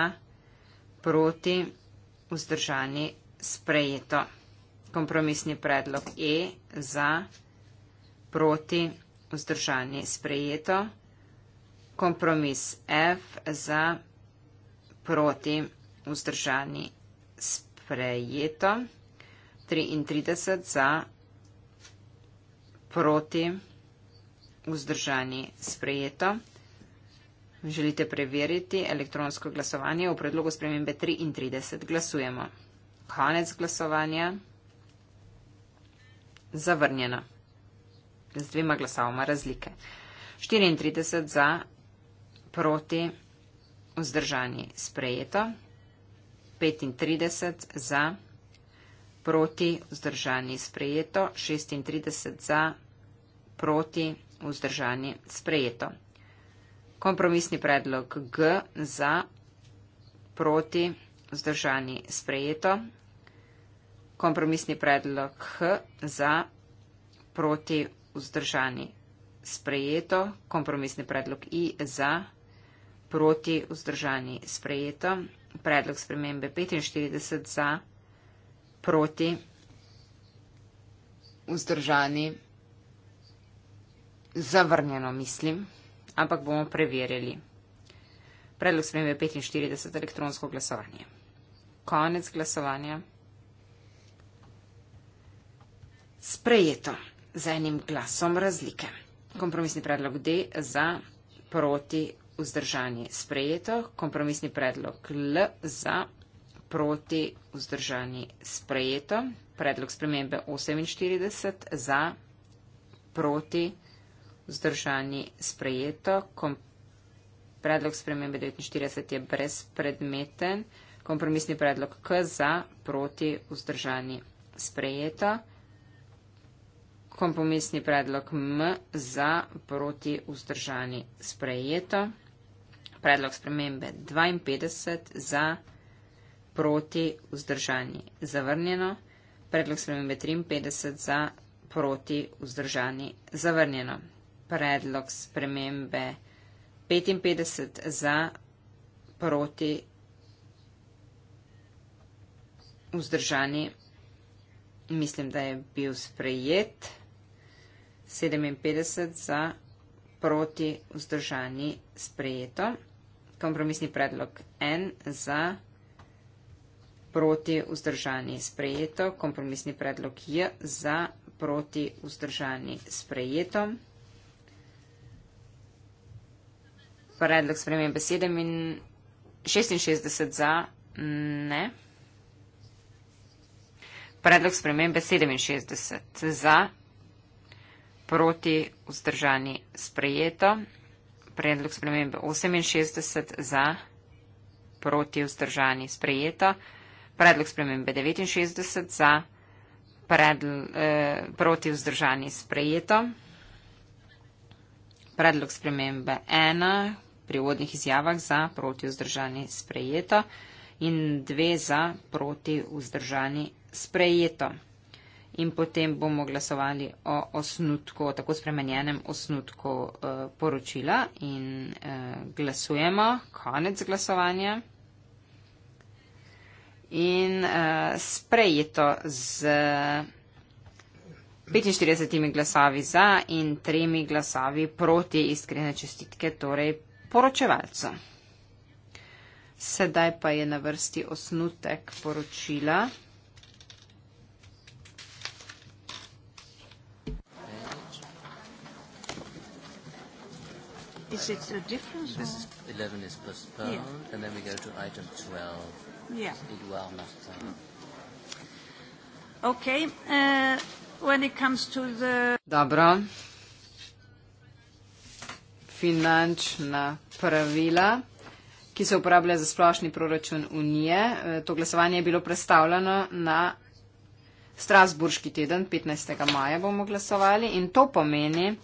B: proti, vzdržani, sprejeto. Kompromisni predlog E za, proti, vzdržani, sprejeto. Kompromis F za, proti, vzdržani, sprejeto. Prejeto. 33 za, proti, vzdržani, sprejeto. Želite preveriti elektronsko glasovanje v predlogu spremembe 33. Glasujemo. Konec glasovanja. Zavrnjeno. Z dvema glasovoma razlike. 34 za, proti, vzdržani, sprejeto. 35 za proti, vzdržani, sprejeto, 36 za, proti, vzdržani, sprejeto. Kompromisni predlog G za, proti, vzdržani, sprejeto. Kompromisni predlog H za, proti, vzdržani, sprejeto. Kompromisni predlog I za, proti, vzdržani, sprejeto. Predlog spremembe 45 za, proti, vzdržani, sprejeto proti, vzdržani, zavrnjeno mislim, ampak bomo preverjali. Predlog spremembe 45 elektronsko glasovanje. Konec glasovanja. Sprejeto z enim glasom razlike. Kompromisni predlog D za proti vzdržanje sprejeto. Kompromisni predlog L za proti vzdržani sprejeto. Predlog spremembe 48 za proti vzdržani sprejeto. Kom predlog spremembe 49 je brezpredmeten. Kompromisni predlog K za proti vzdržani sprejeto. Kompromisni predlog M za proti vzdržani sprejeto. Predlog spremembe 52 za proti vzdržani sprejeto proti vzdržani, zavrnjeno. Predlog spremembe 53 za proti vzdržani, zavrnjeno. Predlog spremembe 55 za proti vzdržani, mislim, da je bil sprejet. 57 za proti vzdržani, sprejeto. Kompromisni predlog 1 za proti vzdržani proti vzdržani sprejeto, kompromisni predlog J za proti vzdržani sprejeto. Predlog spremem besede in 66 za ne. Predlog spremem besede 67 za proti vzdržani sprejeto. Predlog spremembe 68 za proti vzdržani sprejeto. Predlog spremembe 69 za predl, eh, proti vzdržani sprejeto. Predlog spremembe 1 pri vodnih izjavah za proti vzdržani sprejeto in 2 za proti vzdržani sprejeto. In potem bomo glasovali o osnutku, tako spremenjenem osnutku eh, poročila in eh, glasujemo. Konec glasovanja in uh, sprejeto z 45 glasovi za in 3 glasovi proti iskrene čestitke, torej poročevalcu. Sedaj pa je na vrsti osnutek poročila.
A: Is it a difference? This is
B: 11 is postponed, yeah. and then we go to item 12. Yeah. Speak well enough. Okay. Uh, when it comes to the. Dobro. Finančna pravila, ki se uporabljajo za splošni proračun Unije. E, to glasovanje je bilo predstavljeno na Strasburški teden, 15. maja bomo glasovali in to pomeni,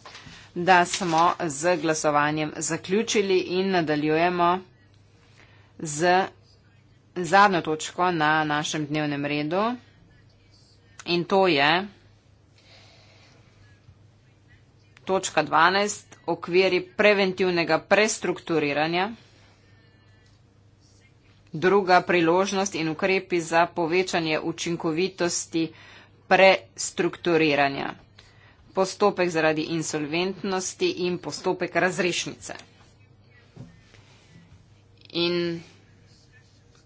B: da smo z glasovanjem zaključili in nadaljujemo z zadnjo točko na našem dnevnem redu in to je točka 12, okviri preventivnega prestrukturiranja, druga priložnost in ukrepi za povečanje učinkovitosti prestrukturiranja, postopek zaradi insolventnosti in postopek razrešnice. In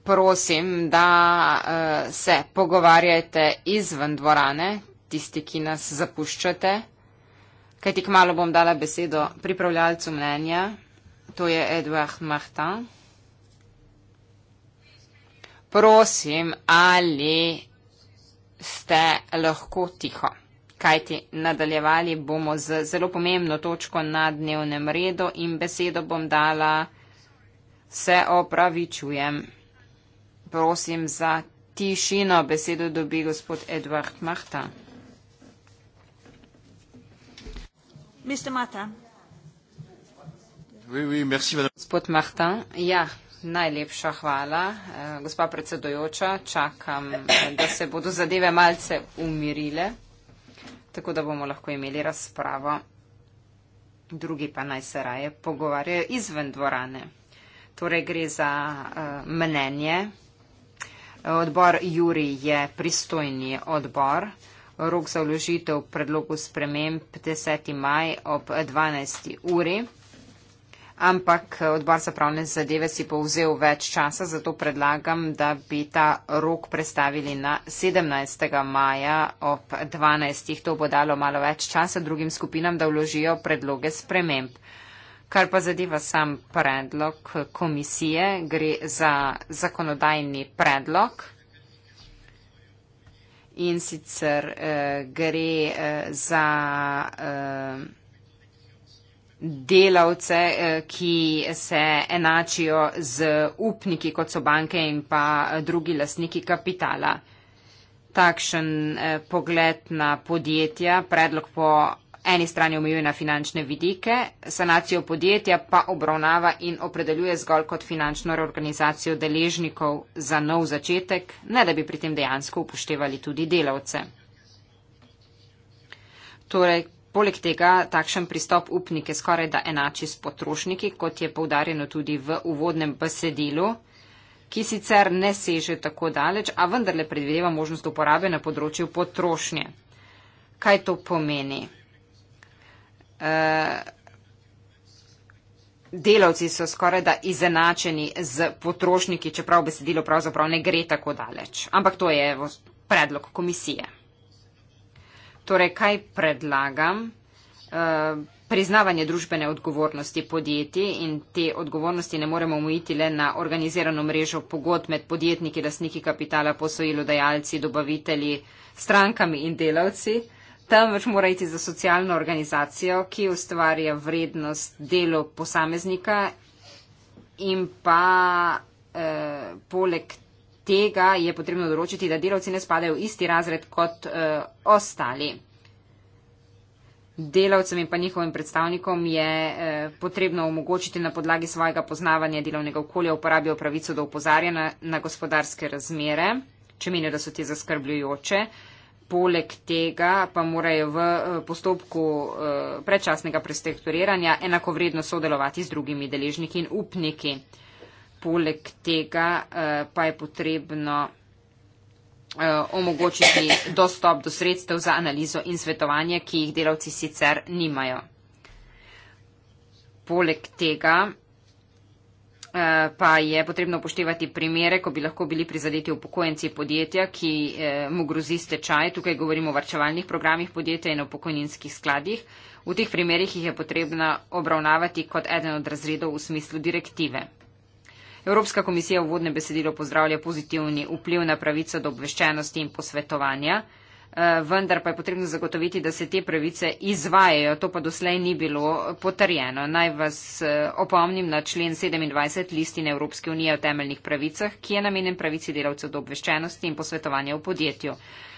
B: prosim, da uh, se pogovarjajte izven dvorane, tisti, ki nas zapuščate, kajti kmalo bom dala besedo pripravljalcu mnenja, to je Edward Martin. Prosim, ali ste lahko tiho, kajti nadaljevali bomo z zelo pomembno točko na dnevnem redu in besedo bom dala. Se opravičujem prosim za tišino. Besedo dobi gospod Edvard Marta. Gospod Marta, ja, najlepša hvala. Eh, gospa predsedojoča, čakam, eh, da se bodo zadeve malce umirile, tako da bomo lahko imeli razpravo. Drugi pa naj se raje pogovarjajo izven dvorane. Torej gre za uh, mnenje Odbor Juri je pristojni odbor. Rok za vložitev predlogu sprememb 10. maj ob 12. uri. Ampak odbor za pravne zadeve si povzel več časa, zato predlagam, da bi ta rok predstavili na 17. maja ob 12. To bo dalo malo več časa drugim skupinam, da vložijo predloge sprememb. Kar pa zadeva sam predlog komisije, gre za zakonodajni predlog in sicer eh, gre eh, za eh, delavce, eh, ki se enačijo z upniki, kot so banke in pa drugi lasniki kapitala. Takšen eh, pogled na podjetja, predlog po eni strani omejuje na finančne vidike, sanacijo podjetja pa obravnava in opredeljuje zgolj kot finančno reorganizacijo deležnikov za nov začetek, ne da bi pri tem dejansko upoštevali tudi delavce. Torej, poleg tega takšen pristop upnike skoraj da enači s potrošniki, kot je povdarjeno tudi v uvodnem besedilu ki sicer ne seže tako daleč, a vendarle predvideva možnost uporabe na področju potrošnje. Kaj to pomeni? Eh, delavci so skoraj da izenačeni z potrošniki, čeprav besedilo pravzaprav ne gre tako daleč. Ampak to je predlog komisije. Torej, kaj predlagam? Eh, priznavanje družbene odgovornosti podjetij in te odgovornosti ne moremo omejiti le na organizirano mrežo pogod med podjetniki, lasniki kapitala, posojilodajalci, dobavitelji, strankami in delavci. Uh, temveč mora iti za socialno organizacijo, ki ustvarja vrednost delu posameznika in pa eh, poleg tega je potrebno določiti, da delavci ne spadajo v isti razred kot eh, ostali. Delavcem in pa njihovim predstavnikom je eh, potrebno omogočiti na podlagi svojega poznavanja delovnega okolja uporabijo pravico do upozarjanja na gospodarske razmere, če menijo, da so ti zaskrbljujoče. Eh, Poleg tega pa morajo v eh, postopku eh, predčasnega prestrukturiranja enakovredno sodelovati z drugimi deležniki in upniki. Poleg tega eh, pa je potrebno omogočiti dostop do sredstev za analizo in svetovanje, ki jih delavci sicer nimajo. Poleg tega Eh, pa je potrebno upoštevati primere, ko bi lahko bili prizadeti upokojenci podjetja, ki eh, mu grozi stečaj. Tukaj govorimo o varčevalnih programih podjetja in o pokojninskih skladih. V teh primerjih jih je potrebno obravnavati kot eden od razredov v smislu direktive. Evropska komisija v vodnem besedilu pozdravlja pozitivni vpliv na pravico do obveščenosti in posvetovanja. Eh, vendar pa je potrebno zagotoviti, da se te pravice izvajajo. To pa doslej ni bilo potrjeno. Naj vas eh, opomnim na člen 27 listine Evropske unije o temeljnih pravicah, ki je namenjen pravici delavcev do obveščenosti in posvetovanja v podjetju.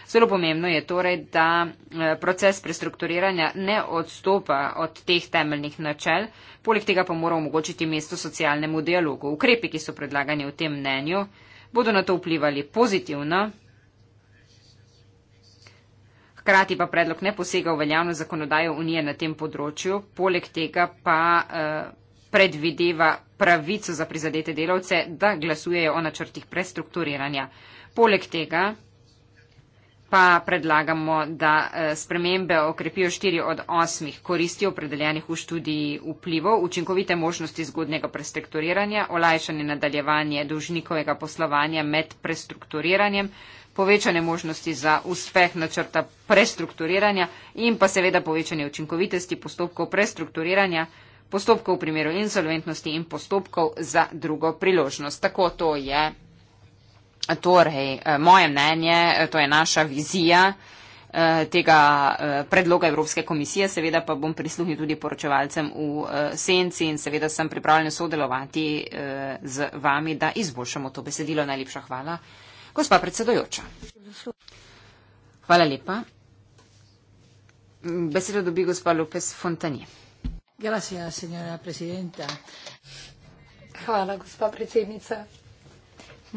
B: Zelo pomembno je torej, da eh, proces prestrukturiranja ne odstopa od teh temeljnih načel, poleg tega pa mora omogočiti mesto socialnemu dialogu. Ukrepi, ki so predlagani v tem mnenju, bodo na to vplivali pozitivno. Hkrati pa predlog ne posega v veljavno zakonodajo Unije na tem področju, poleg tega pa eh, predvideva pravico za prizadete delavce, da glasujejo o načrtih prestrukturiranja. Poleg tega pa predlagamo, da e, spremembe okrepijo štiri od osmih koristi opredeljenih v študiji vplivov, učinkovite možnosti zgodnega prestrukturiranja, olajšanje nadaljevanje dolžnikovega poslovanja med prestrukturiranjem, povečanje možnosti za uspeh načrta prestrukturiranja in pa seveda povečanje učinkovitosti postopkov prestrukturiranja, postopkov v primeru insolventnosti in postopkov za drugo priložnost. Tako to je Torej, eh, moje mnenje, eh, to je naša vizija eh, tega predloga Evropske komisije, seveda pa bom prisluhnil tudi poročevalcem v senci in seveda sem pripravljen sodelovati z vami, da izboljšamo to besedilo. Najlepša hvala, gospa predsedojoča. Hvala lepa. Besedo dobi gospa Lopez Fontanje.
A: Hvala, gospa predsednica.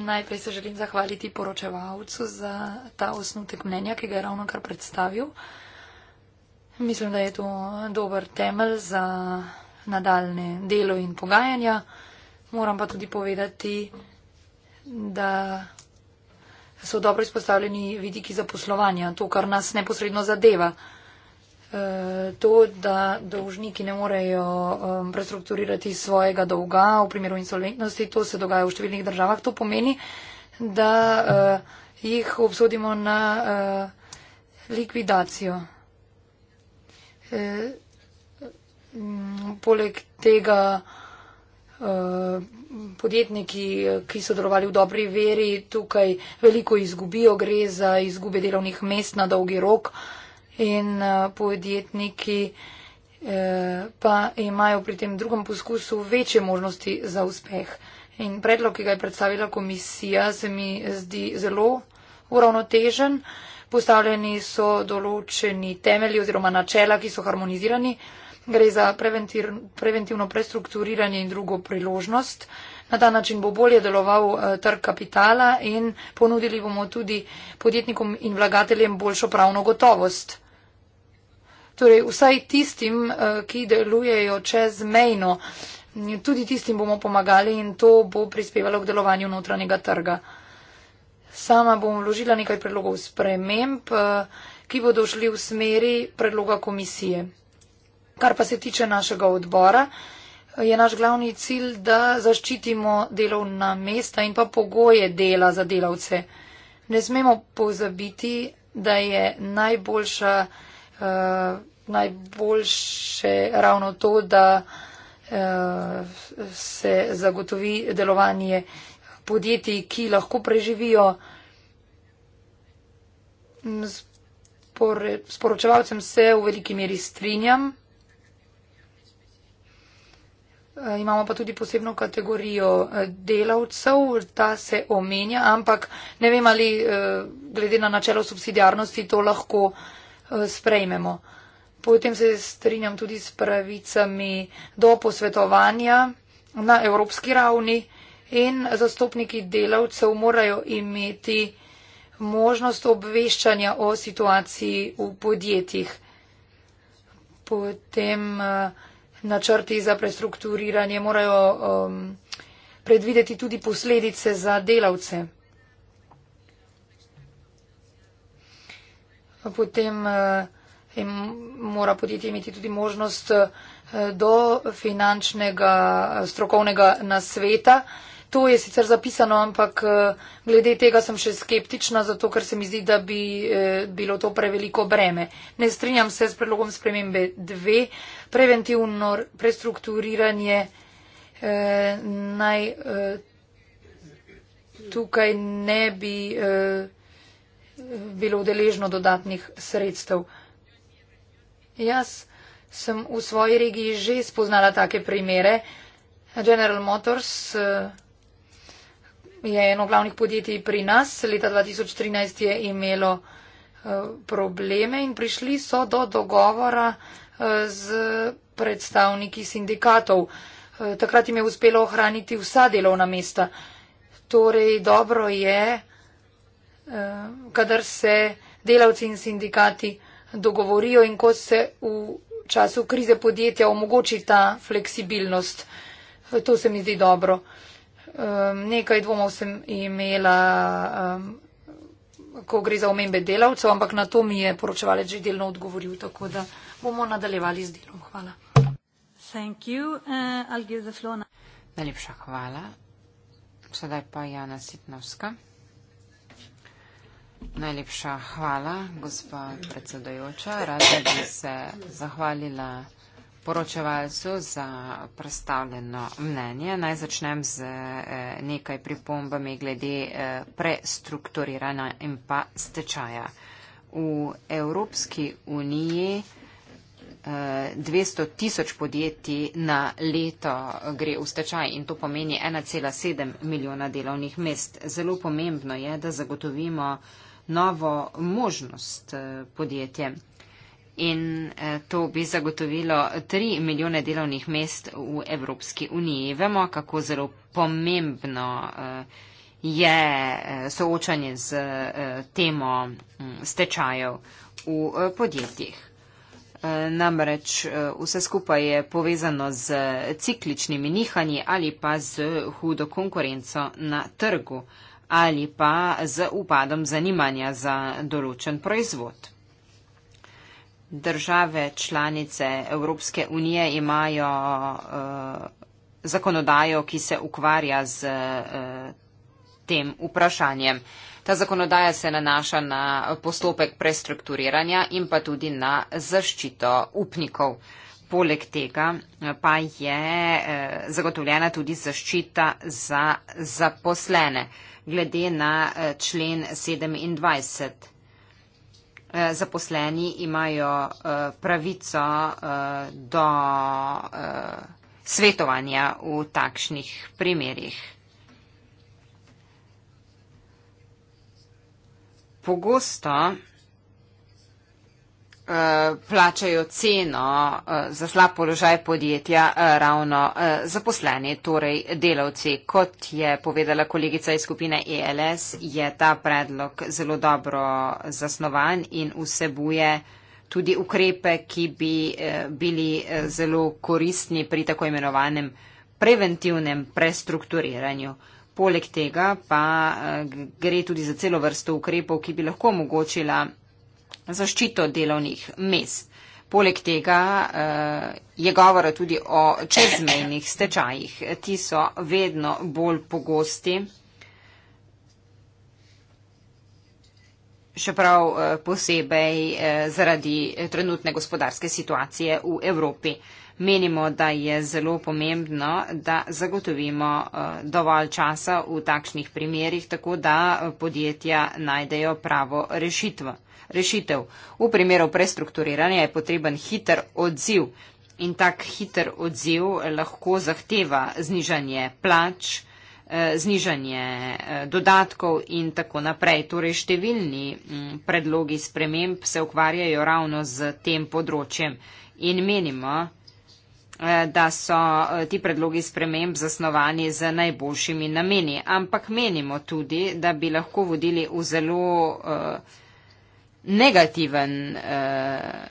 A: Najprej se želim zahvaliti poročevalcu za ta osnutek mnenja, ki ga je ravno kar predstavil. Mislim, da je to dober temelj za nadaljne delo in pogajanja. Moram pa tudi povedati, da so dobro izpostavljeni vidiki zaposlovanja, to, kar nas neposredno zadeva. Eh, to, da dolžniki ne morejo prestrukturirati svojega dolga v primeru insolventnosti. To se dogaja v številnih državah. To pomeni, da eh, jih obsodimo na eh, likvidacijo. Poleg tega podjetniki, ki so delovali v dobri veri, tukaj veliko izgubijo, gre za izgube delovnih mest na dolgi rok. Uh, in eh, podjetniki eh, pa imajo pri tem drugem poskusu večje možnosti za uspeh. In predlog, ki ga je predstavila komisija, se mi zdi zelo uravnotežen. Postavljeni so določeni temelji oziroma načela, ki so harmonizirani. Gre za preventivno prestrukturiranje in drugo priložnost. Na ta način bo bolje deloval eh, trg kapitala in ponudili bomo tudi podjetnikom in vlagateljem boljšo pravno gotovost torej vsaj tistim, eh, ki delujejo čezmejno. Tudi tistim bomo pomagali in to bo prispevalo k delovanju notranjega trga. Sama bom vložila nekaj predlogov sprememb, eh, ki bodo šli v smeri predloga komisije. Kar pa se tiče našega odbora, je naš glavni cilj, da zaščitimo delovna mesta in pa pogoje dela za delavce. Ne smemo pozabiti, da je najboljša. Eh, najboljše ravno to, da eh, se zagotovi delovanje podjetij, ki lahko preživijo. Mm, S poročevalcem se v veliki meri strinjam. Eh, imamo pa tudi posebno kategorijo delavcev, ta se omenja, ampak ne vem, ali glede na načelo subsidijarnosti to lahko Eh, sprejmemo. Potem se strinjam tudi s pravicami do posvetovanja na evropski ravni in zastopniki delavcev morajo imeti možnost obveščanja o situaciji v podjetjih. Potem eh, načrti za prestrukturiranje morajo um, predvideti tudi posledice za delavce. potem eh, in mora podjetje imeti tudi možnost eh, do finančnega eh, strokovnega nasveta. To je sicer zapisano, ampak glede tega sem še skeptična, zato ker se mi zdi, da bi bilo to preveliko breme. Ne strinjam se s predlogom spremembe dve. Preventivno prestrukturiranje naj tukaj ne bi bilo deležno dodatnih sredstev. Jaz sem v svoji regiji že spoznala take primere. General Motors eh, je eno glavnih podjetij pri nas. Leta 2013 je imelo eh, probleme in prišli so do dogovora eh, z predstavniki sindikatov. Takrat jim je uspelo ohraniti vsa delovna mesta. Torej, dobro je, Eh, kadar se delavci in sindikati dogovorijo in ko se v času krize podjetja omogoči ta fleksibilnost. Eh, to se mi zdi dobro. Eh, nekaj dvomov sem imela, ko gre za omembe delavcev, ampak na to mi je poročevalec že delno odgovoril, tako da bomo nadaljevali z delom. Hvala.
B: Najlepša hvala. Sedaj pa Jana Sitnovska. Najlepša hvala, gospa predsedojoča. Rada bi se zahvalila poročevalcu za predstavljeno mnenje. Naj začnem z eh, nekaj pripombami glede eh, prestrukturirana in pa stečaja. V Evropski uniji 200 eh, tisoč podjetij na leto gre v stečaj in to pomeni 1,7 milijona delovnih mest. Zelo pomembno je, da zagotovimo novo možnost eh, podjetje. In eh, to bi zagotovilo 3 milijone delovnih mest v Evropski uniji. Vemo, kako zelo pomembno eh, je soočanje z temo mm, stečajev v podjetjih. Namreč vse skupaj je povezano z cikličnimi nihanji ali pa z hudo konkurenco na trgu ali pa z upadom zanimanja za določen proizvod. Države članice Evropske unije imajo uh, zakonodajo, ki se ukvarja z uh, tem vprašanjem. Ta zakonodaja se nanaša na postopek prestrukturiranja in pa tudi na zaščito upnikov. Poleg tega eh, pa je zagotovljena tudi zaščita za zaposlene glede na eh, člen 27. Eh, zaposleni imajo eh, pravico do svetovanja v takšnih primerjih. Pogosto Eh, plačajo ceno eh, za slab položaj podjetja eh, ravno zaposleni, torej delavci. Kot je povedala kolegica iz skupine ELS, je ta predlog zelo dobro zasnovan in vsebuje tudi ukrepe, ki bi bili zelo koristni pri tako imenovanem preventivnem prestrukturiranju. Poleg tega pa gre tudi za celo vrsto ukrepov, ki bi lahko omogočila zaščito delovnih mest. Poleg tega eh, je govora tudi o čezmejnih stečajih. Ti so vedno bolj pogosti. Še prav eh, posebej eh, zaradi trenutne gospodarske situacije v Evropi. Menimo, da je zelo pomembno, da zagotovimo dovolj časa v takšnih primerjih, tako da podjetja najdejo pravo rešitvo rešitev. V primeru prestrukturiranja je potreben hiter odziv in tak hiter odziv lahko zahteva znižanje plač, eh, znižanje eh, dodatkov in tako naprej. Torej številni mm, predlogi sprememb se ukvarjajo ravno z tem področjem in menimo, eh, da so ti predlogi sprememb zasnovani z najboljšimi nameni, ampak menimo tudi, da bi lahko vodili v zelo uh, negativen uh,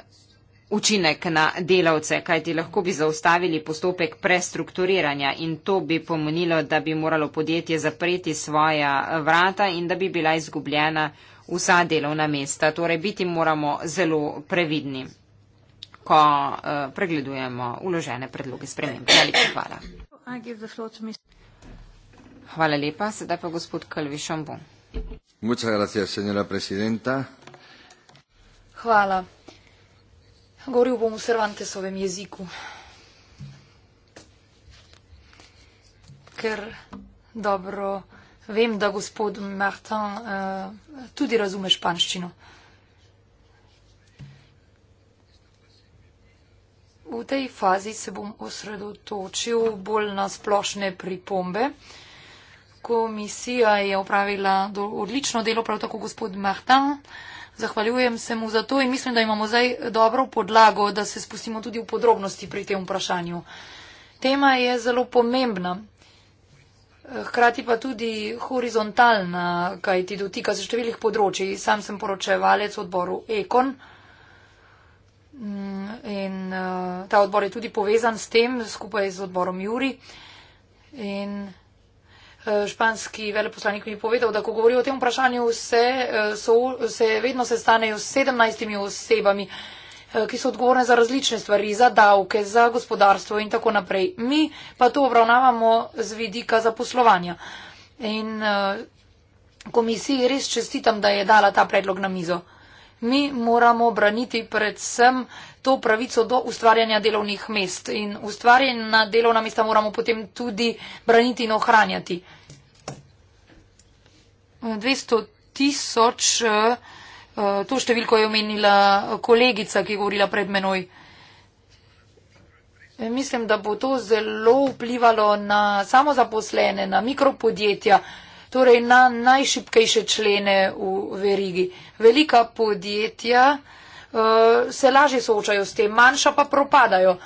B: učinek na delavce, kajti lahko bi zaustavili postopek prestrukturiranja in to bi pomenilo, da bi moralo podjetje zapreti svoja eh, vrata in da bi bila izgubljena vsa delovna mesta. Torej biti moramo zelo previdni, ko uh, pregledujemo uložene predloge spremembe. Najlepša hvala. Hvala lepa. Sedaj pa gospod Kalvišambo. Muchas gracias, señora presidenta.
A: Hvala. Govoril bom v Cervantesovem jeziku. Ker dobro vem, da gospod Martin uh, tudi razume španščino. V tej fazi se bom osredotočil bolj na splošne pripombe. Komisija je opravila odlično delo, prav tako gospod Martin. Uh, Zahvaljujem se mu za to in mislim, da imamo zdaj dobro podlago, da se spustimo tudi v podrobnosti pri tem vprašanju. Tema je zelo pomembna, hkrati pa tudi horizontalna, kaj ti dotika se številih področji. Sam sem poročevalec odboru Ekon mm, in eh, ta odbor je tudi povezan s tem, skupaj z odborom Juri. In Eh, španski veleposlanik mi je povedal, da ko govori o tem vprašanju, se, eh, so, se vedno se stanejo s 17 osebami, eh, ki so odgovorne za različne stvari, za davke, za gospodarstvo in tako naprej. Mi pa to obravnavamo z vidika zaposlovanja. In komisiji res čestitam, da je dala ta predlog na mizo. Mi moramo braniti predvsem to pravico do ustvarjanja delovnih mest in ustvarjena delovna mesta moramo potem tudi braniti in ohranjati. 200 tisoč, eh, eh, to številko je omenila kolegica, ki je govorila pred menoj. E, mislim, da bo to zelo vplivalo na samozaposlene, na mikropodjetja, torej na najšipkejše člene v verigi. Velika podjetja eh, se lažje soočajo s tem, manjša pa propadajo.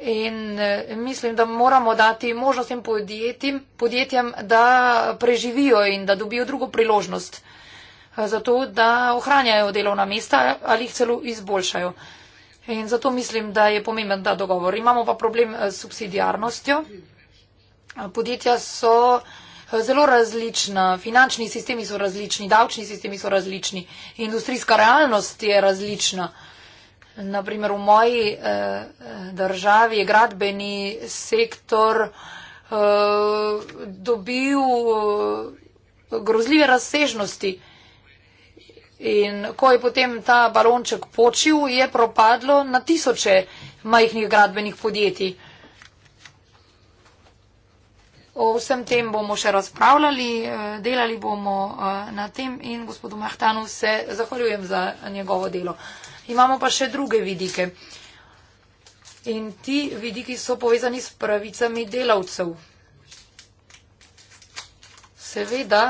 A: In e, mislim, da moramo dati možnost tem podjetjem, podjetjem, da preživijo in da dobijo drugo priložnost e, za to, da ohranjajo delovna mesta ali jih celo izboljšajo. In zato mislim, da je pomemben ta dogovor. Imamo pa problem e, s subsidijarnostjo. Podjetja so zelo različna, finančni sistemi so različni, davčni sistemi so različni, industrijska realnost je različna. Naprimer, v moji eh, eh, državi je gradbeni sektor eh, dobil grozljive razsežnosti. In ko je potem ta balonček počil, je propadlo na tisoče majhnih gradbenih podjetij. O vsem tem bomo še razpravljali, eh, delali bomo eh, na tem in gospodu Mahtanu se zahvaljujem za njegovo delo. Imamo pa še druge vidike. In ti vidiki so povezani s pravicami delavcev. Seveda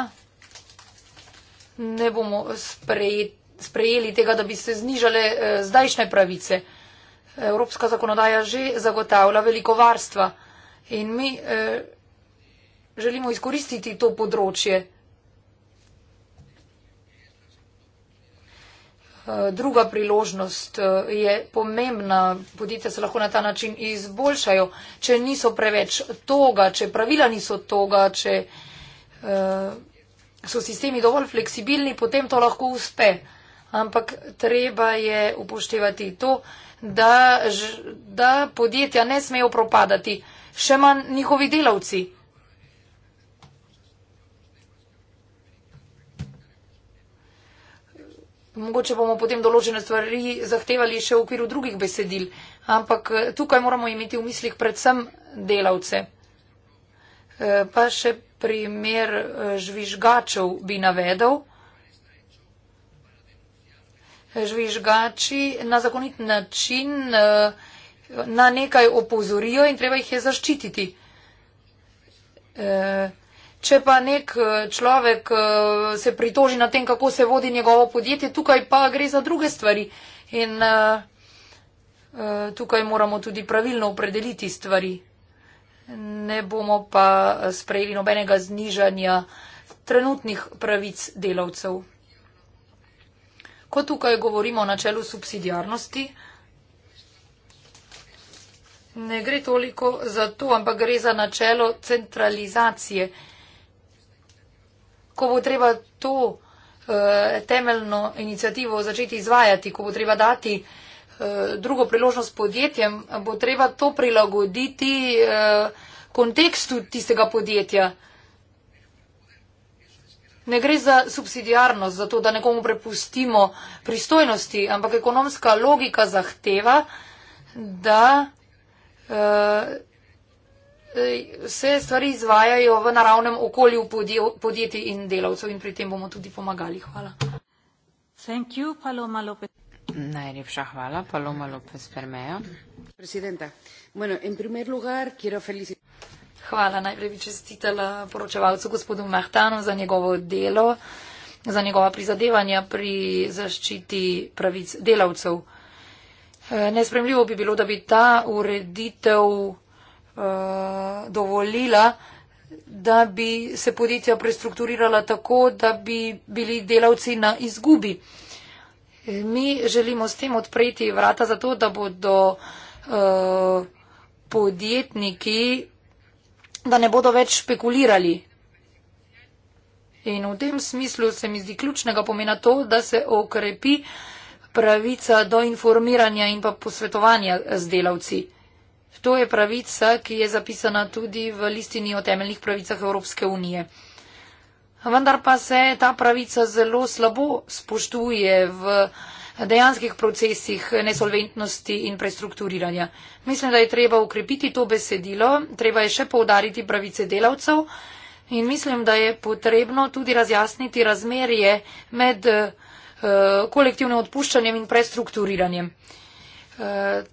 A: ne bomo sprejeli tega, da bi se znižale eh, zdajšnje pravice. Evropska zakonodaja že zagotavlja veliko varstva. In mi želimo izkoristiti to področje. Eh, druga priložnost eh, je pomembna, podjetja se lahko na ta način izboljšajo, če niso preveč toga, če pravila niso toga, če eh, so sistemi dovolj fleksibilni, potem to lahko uspe. Ampak treba je upoštevati to, da, da podjetja ne smejo propadati, še manj njihovi delavci. mogoče bomo potem določene stvari zahtevali še v okviru drugih besedil, ampak eh, tukaj moramo imeti v mislih predvsem delavce. Eh, pa še primer eh, žvižgačev bi navedel. Žvižgači na zakonit način na nekaj opozorijo in treba jih je zaščititi. Če pa nek eh, človek eh, se pritoži na tem, kako se vodi njegovo podjetje, tukaj pa gre za druge stvari. In eh, tukaj moramo tudi pravilno opredeliti stvari. Ne bomo pa sprejeli nobenega znižanja trenutnih pravic delavcev. Ko tukaj govorimo o načelu subsidijarnosti, ne gre toliko za to, ampak gre za načelo centralizacije ko bo treba to eh, temeljno inicijativo začeti izvajati, ko bo treba dati eh, drugo priložnost podjetjem, bo treba to prilagoditi eh, kontekstu tistega podjetja. Ne gre za subsidijarnost, za to, da nekomu prepustimo pristojnosti, ampak ekonomska logika zahteva, da se stvari izvajajo v naravnem okolju podjetij in delavcev in pri tem bomo tudi pomagali. Hvala. Thank you, Paloma Lopez.
B: Najlepša hvala, Paloma Lopez Permejo. Presidenta, bueno, en
A: primer lugar, quiero felicitar. Hvala najprej bi čestitela poročevalcu gospodu Mahtanu za njegovo delo, za njegova prizadevanja pri zaščiti pravic delavcev. E, nespremljivo bi bilo, da bi ta ureditev uh, dovolila, da bi se podjetja prestrukturirala tako, da bi bili delavci na izgubi. Mi želimo s tem odpreti vrata za to, da bodo uh, podjetniki, da ne bodo več špekulirali. In v tem smislu se mi zdi ključnega pomena to, da se okrepi pravica do informiranja in pa posvetovanja z delavci. To je pravica, ki je zapisana tudi v listini o temeljnih pravicah Evropske unije. Vendar pa se ta pravica zelo slabo spoštuje v dejanskih procesih nesolventnosti in prestrukturiranja. Mislim, da je treba ukrepiti to besedilo, treba je še poudariti pravice delavcev in mislim, da je potrebno tudi razjasniti razmerje med uh, kolektivnim odpuščanjem in prestrukturiranjem. Uh,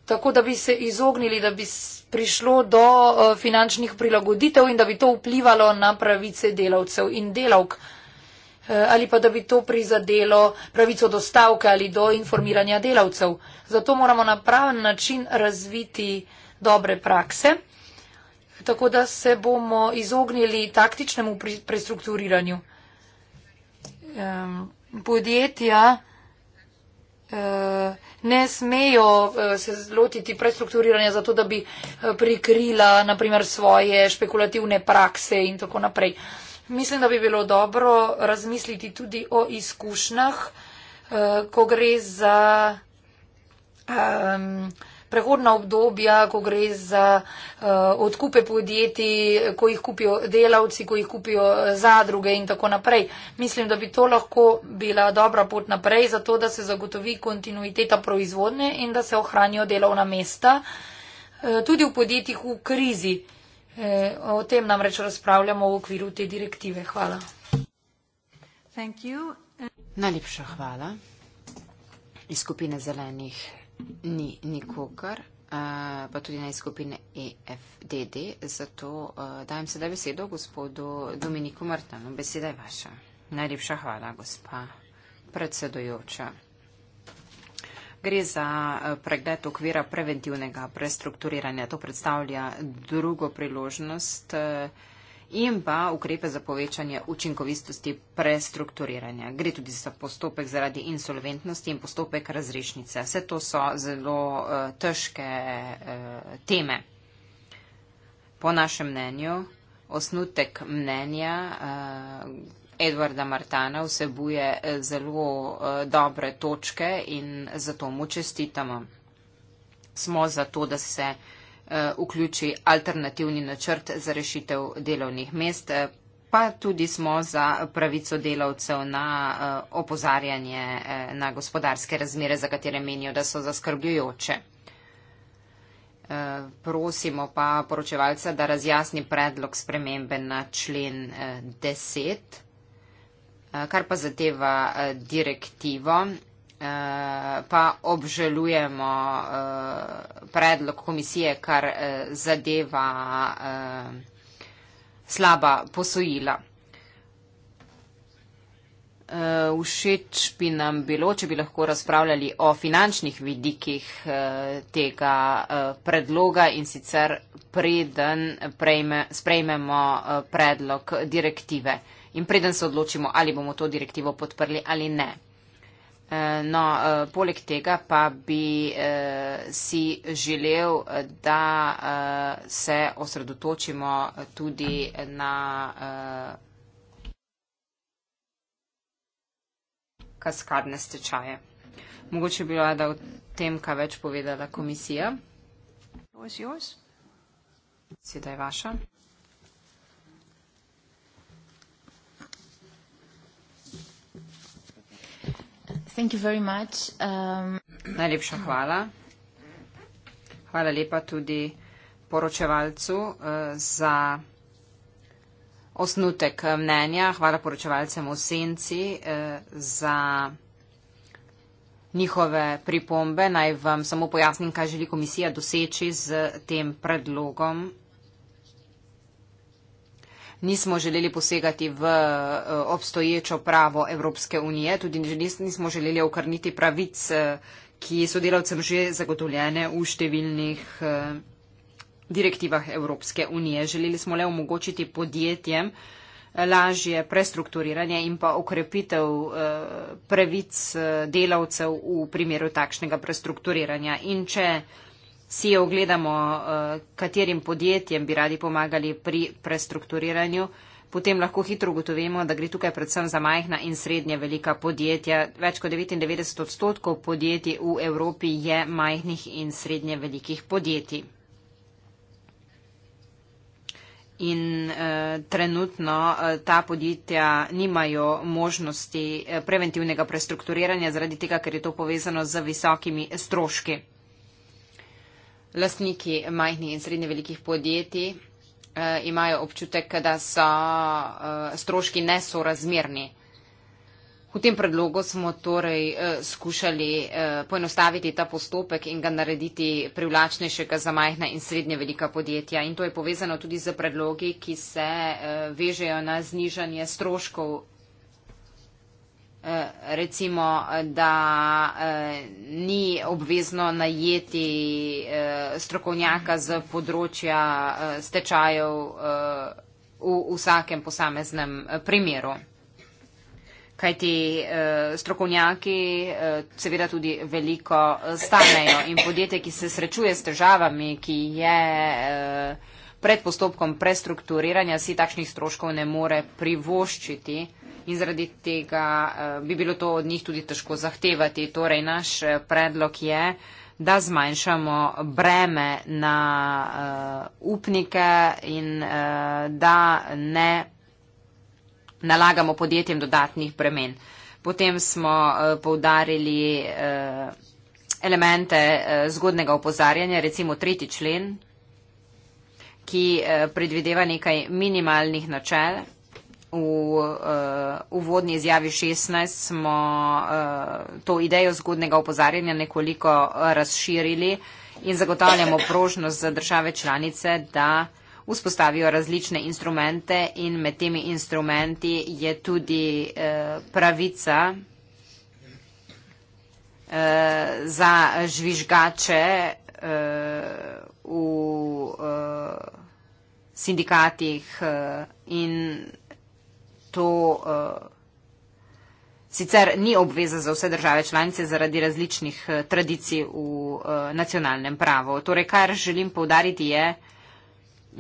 A: tako da bi se izognili, da bi prišlo do eh, finančnih prilagoditev in da bi to vplivalo na pravice delavcev in delavk eh, ali pa da bi to prizadelo pravico do stavke ali do informiranja delavcev. Zato moramo na praven način razviti dobre prakse, tako da se bomo izognili taktičnemu prestrukturiranju. Podjetja eh, ne smejo eh, se lotiti prestrukturiranja zato, da bi eh, prikrila naprimer svoje špekulativne prakse in tako naprej. Mislim, da bi bilo dobro razmisliti tudi o izkušnjah, eh, ko gre za. Um, prehodna obdobja, ko gre za uh, odkupe podjetij, ko jih kupijo delavci, ko jih kupijo eh, zadruge in tako naprej. Mislim, da bi to lahko bila dobra pot naprej, zato da se zagotovi kontinuiteta proizvodne in da se ohranijo delovna mesta eh, tudi v podjetjih v krizi. O tem namreč razpravljamo v okviru te direktive. Hvala.
B: Najlepša hvala. Iz skupine zelenih ni nikogar, uh, pa tudi ne iz skupine EFDD, zato uh, dajem sedaj besedo gospodu Dominiku Martanu. Beseda je vaša. Najlepša hvala, gospa predsedujoča. Gre za eh, pregled okvira preventivnega prestrukturiranja. To predstavlja drugo priložnost. Uh, in pa ukrepe za povečanje učinkovistosti prestrukturiranja. Gre tudi za postopek zaradi insolventnosti in postopek razrešnice. Vse to so zelo uh, težke uh, teme. Po našem mnenju, osnutek mnenja. Uh, Edvarda Martana vsebuje zelo uh, dobre točke in zato mu čestitamo. Smo za to, da se uh, Eh, vključi alternativni načrt za rešitev delovnih mest, eh, pa tudi smo za pravico delavcev na eh, opozarjanje na gospodarske razmere, za katere menijo, da so zaskrbljujoče. Prosimo pa poročevalca, da razjasni predlog spremembe na člen 10, kar pa zadeva direktivo Eh, pa obžalujemo eh, predlog komisije, kar eh, zadeva slaba posojila. Všeč bi nam bilo, če bi lahko razpravljali o finančnih vidikih tega predloga in sicer preden sprejmemo predlog direktive in preden se odločimo, ali bomo to direktivo podprli ali ne. Eh, no, eh, poleg tega pa bi eh, si želel, da se osredotočimo tudi na kaskadne stečaje. Mogoče bi rada o tem, kaj več povedala komisija. Sedaj vaša. Thank you very much. Um... Najlepša hvala. Hvala lepa tudi poročevalcu uh, za osnutek mnenja. Hvala poročevalcem v senci uh, za njihove pripombe. Naj vam samo pojasnim, kaj želi komisija doseči z tem predlogom nismo želeli posegati v eh, obstoječo pravo Evropske unije, tudi nismo želeli okrniti pravic, eh, ki so delavcem že zagotovljene v številnih eh, direktivah Evropske unije. Želeli smo le omogočiti podjetjem lažje prestrukturiranje in pa okrepitev pravic delavcev v primeru takšnega prestrukturiranja. In če si jo ogledamo, eh, katerim podjetjem bi radi pomagali pri prestrukturiranju, potem lahko hitro ugotovimo, da gre tukaj predvsem za majhna in srednje velika podjetja. Več kot 99 odstotkov podjetij v Evropi je majhnih in srednje velikih podjetij. In eh, trenutno eh, ta podjetja nimajo možnosti eh, preventivnega prestrukturiranja zaradi tega, ker je to povezano z visokimi stroški lastniki majhnih in srednje velikih podjetij eh, imajo občutek, da so eh, stroški nesorazmerni. V tem predlogu smo torej eh, skušali poenostaviti ta postopek in ga narediti privlačnejšega za majhna in srednje velika podjetja. In to je povezano tudi z predlogi, ki se vežejo na znižanje stroškov recimo, da eh, ni obvezno najeti eh, strokovnjaka z področja eh, stečajev eh, v vsakem posameznem eh, primeru. Kaj ti eh, strokovnjaki eh, seveda tudi veliko eh, stanejo in podjetje, ki se srečuje s težavami, ki je. Eh, Pred postopkom prestrukturiranja si takšnih stroškov ne more privoščiti. Uh, in zaradi tega eh, bi bilo to od njih tudi težko zahtevati. Torej, naš eh, predlog je, da zmanjšamo breme na uh, upnike in uh, da ne nalagamo podjetjem dodatnih bremen. Potem smo uh, poudarili uh, elemente uh, zgodnega opozarjanja, recimo tretji člen, ki uh, predvideva nekaj minimalnih načel, v uh, uvodni izjavi 16 smo uh, to idejo zgodnega opozarjanja nekoliko eh, razširili in zagotavljamo prožnost za države članice, da vzpostavijo različne instrumente in med temi instrumenti je tudi uh, pravica uh, za žvižgače uh, v uh, sindikatih uh, in to uh, sicer ni obveza za vse države članice zaradi različnih uh, tradicij v uh, nacionalnem pravu. Torej, kar želim povdariti je,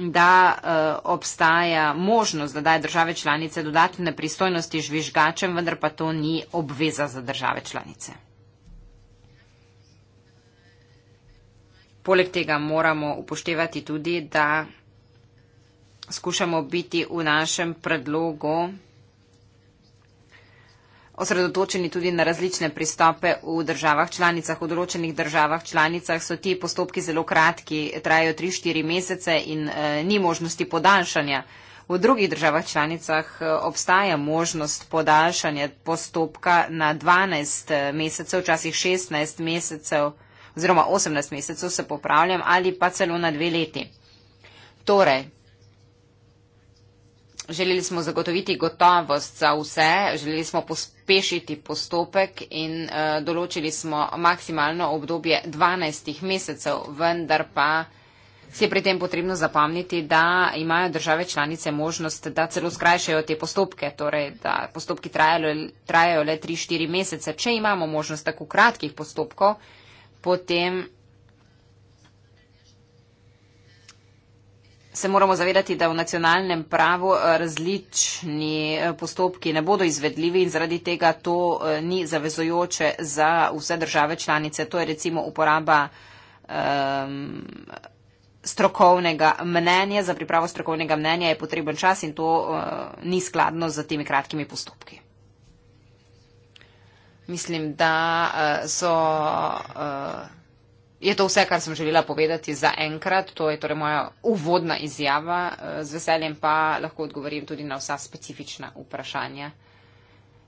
B: da uh, obstaja možnost, da daje države članice dodatne pristojnosti žvižgačem, vendar pa to ni obveza za države članice. Poleg tega moramo upoštevati tudi, da skušamo biti v našem predlogu osredotočeni tudi na različne pristope v državah članicah. V določenih državah članicah so ti postopki zelo kratki, trajajo 3-4 mesece in e, ni možnosti podaljšanja. V drugih državah članicah eh, obstaja možnost podaljšanja postopka na 12 eh, mesecev, včasih 16 mesecev oziroma 18 mesecev, se popravljam, ali pa celo na dve leti. Torej, Želeli smo zagotoviti gotovost za vse, želeli smo pospešiti postopek in uh, določili smo maksimalno obdobje 12 mesecev, vendar pa si je pri tem potrebno zapomniti, da imajo države članice možnost, da celo skrajšajo te postopke, torej da postopki trajajo, trajajo le 3-4 mesece. Če imamo možnost tako kratkih postopkov, potem se moramo zavedati, da v nacionalnem pravu eh, različni eh, postopki ne bodo izvedljivi in zaradi tega to eh, ni zavezojoče za vse države članice. To je recimo uporaba um, strokovnega mnenja. Za pripravo strokovnega mnenja je potreben čas in to uh, ni skladno z temi kratkimi postopki. Mislim, da uh, so. Uh, je to vse, kar sem želela povedati za enkrat. To je torej moja uvodna izjava. Eh, z veseljem pa lahko odgovorim tudi na vsa specifična vprašanja.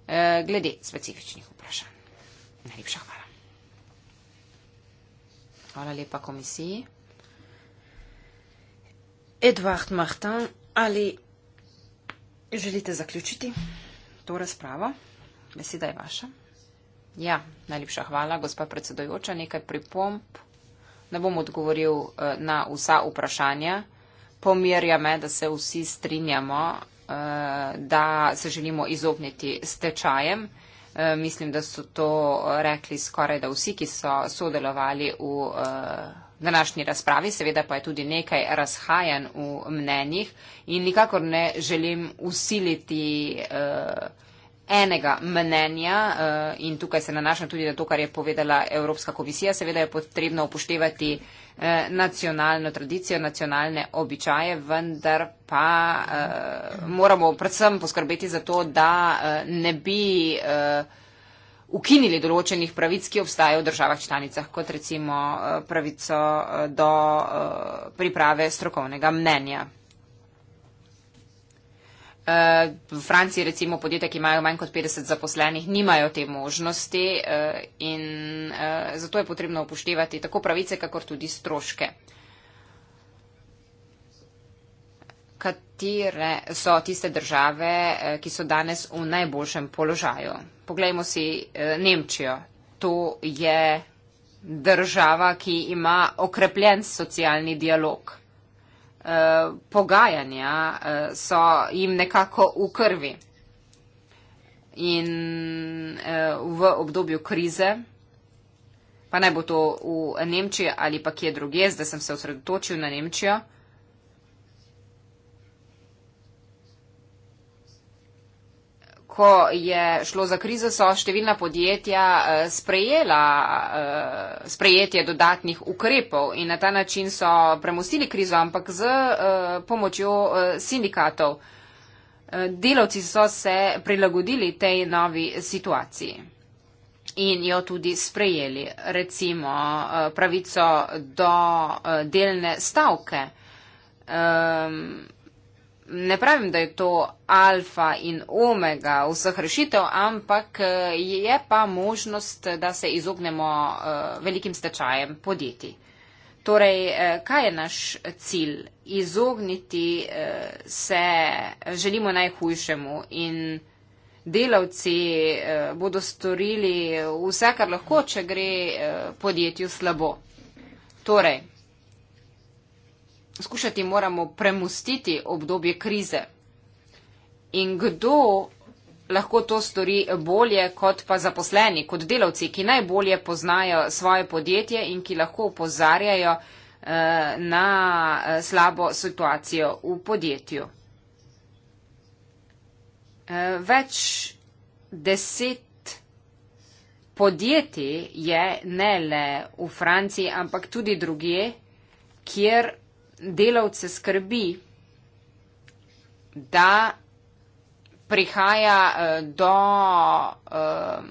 B: Eh, glede specifičnih vprašanj. Najlepša hvala. Hvala lepa komisiji. Edvard Martin, ali želite zaključiti to razpravo? Beseda je vaša. Ja, najlepša hvala, gospa predsedojoča. Nekaj pripomp. Ne bom odgovoril eh, na vsa vprašanja. Pomirja me, da se vsi strinjamo, eh, da se želimo izogniti stečajem. Eh, mislim, da so to rekli skoraj da vsi, ki so sodelovali v današnji razpravi. Seveda pa je tudi nekaj razhajan v mnenjih in nikakor ne želim usiliti enega mnenja eh, in tukaj se nanaša tudi na to, kar je povedala Evropska komisija. Seveda je potrebno upoštevati eh, nacionalno tradicijo, nacionalne običaje, vendar pa eh, moramo predvsem poskrbeti za to, da ne bi ukinili določenih pravic, ki obstajajo v državah članicah, kot recimo pravico do priprave strokovnega mnenja. Eh, v Franciji recimo podjetja, ki imajo manj kot 50 zaposlenih, nimajo te možnosti eh, in eh, zato je potrebno upoštevati tako pravice, kakor tudi stroške. Katere so tiste države, ki so danes v najboljšem položaju? Poglejmo si Nemčijo. To je država, ki ima okrepljen socialni dialog. Eh, pogajanja uh, so jim nekako v krvi. In uh, v obdobju krize, pa naj bo to v Nemčiji ali pa kje druge, zdaj sem se osredotočil na Nemčijo, uh, ko je šlo za krizo, so številna podjetja eh, sprejela eh, sprejetje dodatnih ukrepov in na ta način so premustili krizo, ampak z eh, pomočjo sindikatov. Delavci so se prilagodili tej novi situaciji in jo tudi sprejeli, recimo pravico do delne stavke. Ehm, ne pravim, da je to alfa in omega vseh rešitev, ampak eh, je pa možnost, da se izognemo eh, velikim stečajem podjetij. Torej, eh, kaj je naš cilj? Izogniti se želimo najhujšemu in delavci bodo storili vse, kar lahko, če gre podjetju slabo. Torej, skušati moramo premustiti obdobje krize. In kdo lahko to stori bolje kot pa zaposleni, kot delavci, ki najbolje poznajo svoje podjetje in ki lahko upozarjajo eh, na eh, slabo situacijo v podjetju. Eh, več deset podjetij je ne le v Franciji, ampak tudi druge, kjer delavce skrbi, da prihaja eh, do eh,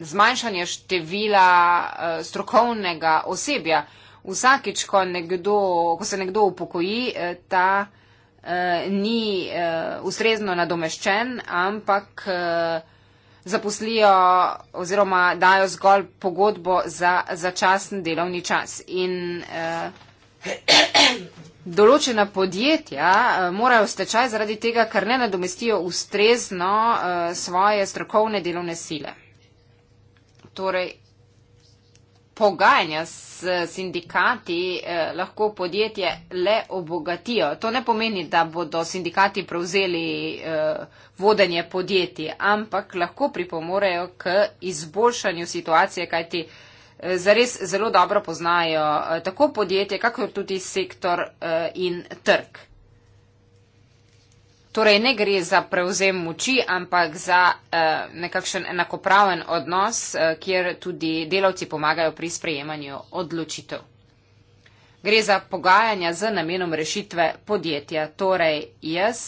B: zmanjšanja števila eh, strokovnega osebja. Vsakič, ko, nekdo, ko se nekdo upokoji, ta ni ustrezno nadomeščen, ampak zaposlijo oziroma dajo zgolj pogodbo za začasen delovni čas. In, eh, Določena podjetja eh, morajo stečaj zaradi tega, ker ne nadomestijo ustrezno eh, svoje strokovne delovne sile. Torej, pogajanja s sindikati eh, lahko podjetje le obogatijo. To ne pomeni, da bodo sindikati prevzeli vodenje podjetij, ampak lahko pripomorejo k izboljšanju situacije, kajti. Eh, zares zelo dobro poznajo eh, tako podjetje, kakor tudi sektor eh, in trg. Torej ne gre za prevzem moči, ampak za nekakšen enakopraven odnos, kjer tudi delavci pomagajo pri sprejemanju odločitev. Gre za pogajanja z namenom rešitve podjetja. Torej jaz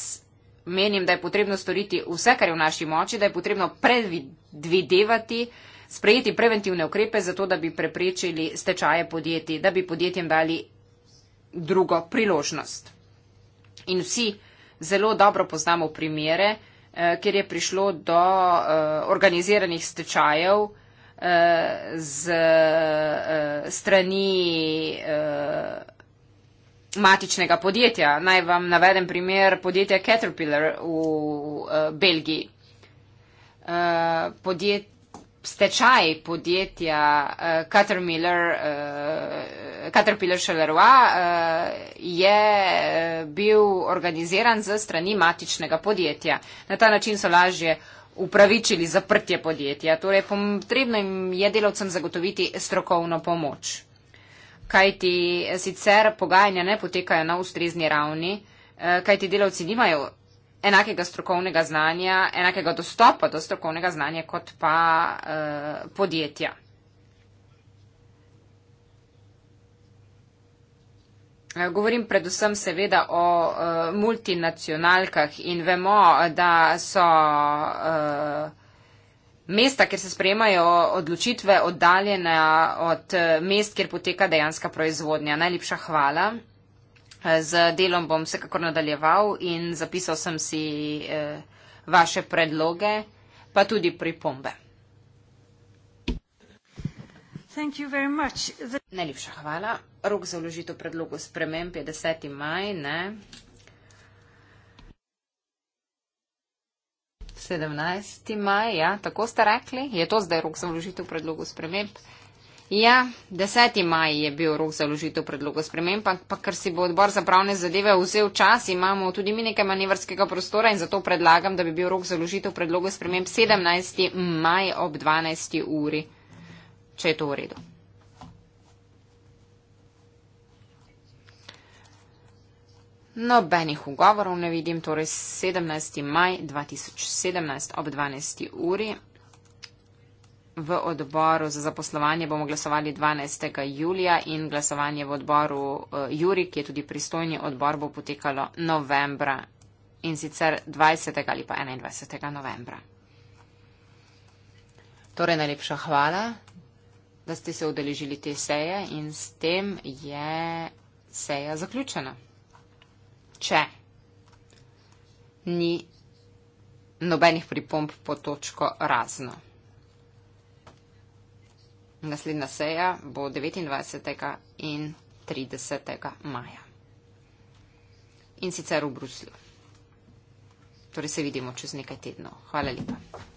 B: menim, da je potrebno storiti vse, kar je v naši moči, da je potrebno predvidevati, predvidevati sprejeti preventivne ukrepe za to, da bi preprečili stečaje podjetij, da bi podjetjem dali drugo priložnost. In vsi zelo dobro poznamo primere, eh, kjer je prišlo do eh, organiziranih stečajev eh, z strani matičnega podjetja. Naj vam navedem primer podjetja Caterpillar v Belgiji. Podjetje stečaj podjetja uh, eh, Caterpillar, uh, eh, Caterpillar Chalerois uh, eh, je bil organiziran z strani matičnega podjetja. Na ta način so lažje upravičili zaprtje podjetja. Torej, potrebno jim je delavcem zagotoviti strokovno pomoč. Kajti sicer pogajanja ne potekajo na ustrezni ravni, kajti delavci nimajo enakega strokovnega znanja, enakega dostopa do strokovnega znanja kot pa uh, podjetja. Eh, govorim predvsem seveda o uh, multinacionalkah in vemo, da so uh, mesta, kjer se sprejemajo odločitve, oddaljena od uh, mest, kjer poteka dejanska proizvodnja. Najlepša hvala. Z delom bom vsekakor nadaljeval in zapisal sem si eh, vaše predloge, pa tudi pripombe. The... Najlepša hvala. Rok za vložitev predlogu sprememb je 10. maj, ne? 17. maj, ja, tako ste rekli. Je to zdaj rok za vložitev predlogu sprememb? Ja, 10. maj je bil rok za ložitev predlogov sprememb, pa ker si bo odbor za pravne zadeve vzel čas, imamo tudi mi nekaj manevrskega prostora in zato predlagam, da bi bil rok za ložitev predlogov sprememb 17. maj ob 12. uri, če je to v redu. Nobenih ugovorov ne vidim, torej 17. maj 2017 ob 12. uri v odboru za zaposlovanje bomo glasovali 12. julija in glasovanje v odboru eh, Juri, ki je tudi pristojni odbor, bo potekalo novembra in sicer 20. ali pa 21. novembra. Torej, najlepša hvala, da ste se udeležili te seje in s tem je seja zaključena. Če ni nobenih pripomb po točko razno. Naslednja seja bo 29. in 30. maja. In sicer v Bruslju. Torej se vidimo čez nekaj tednov. Hvala lepa.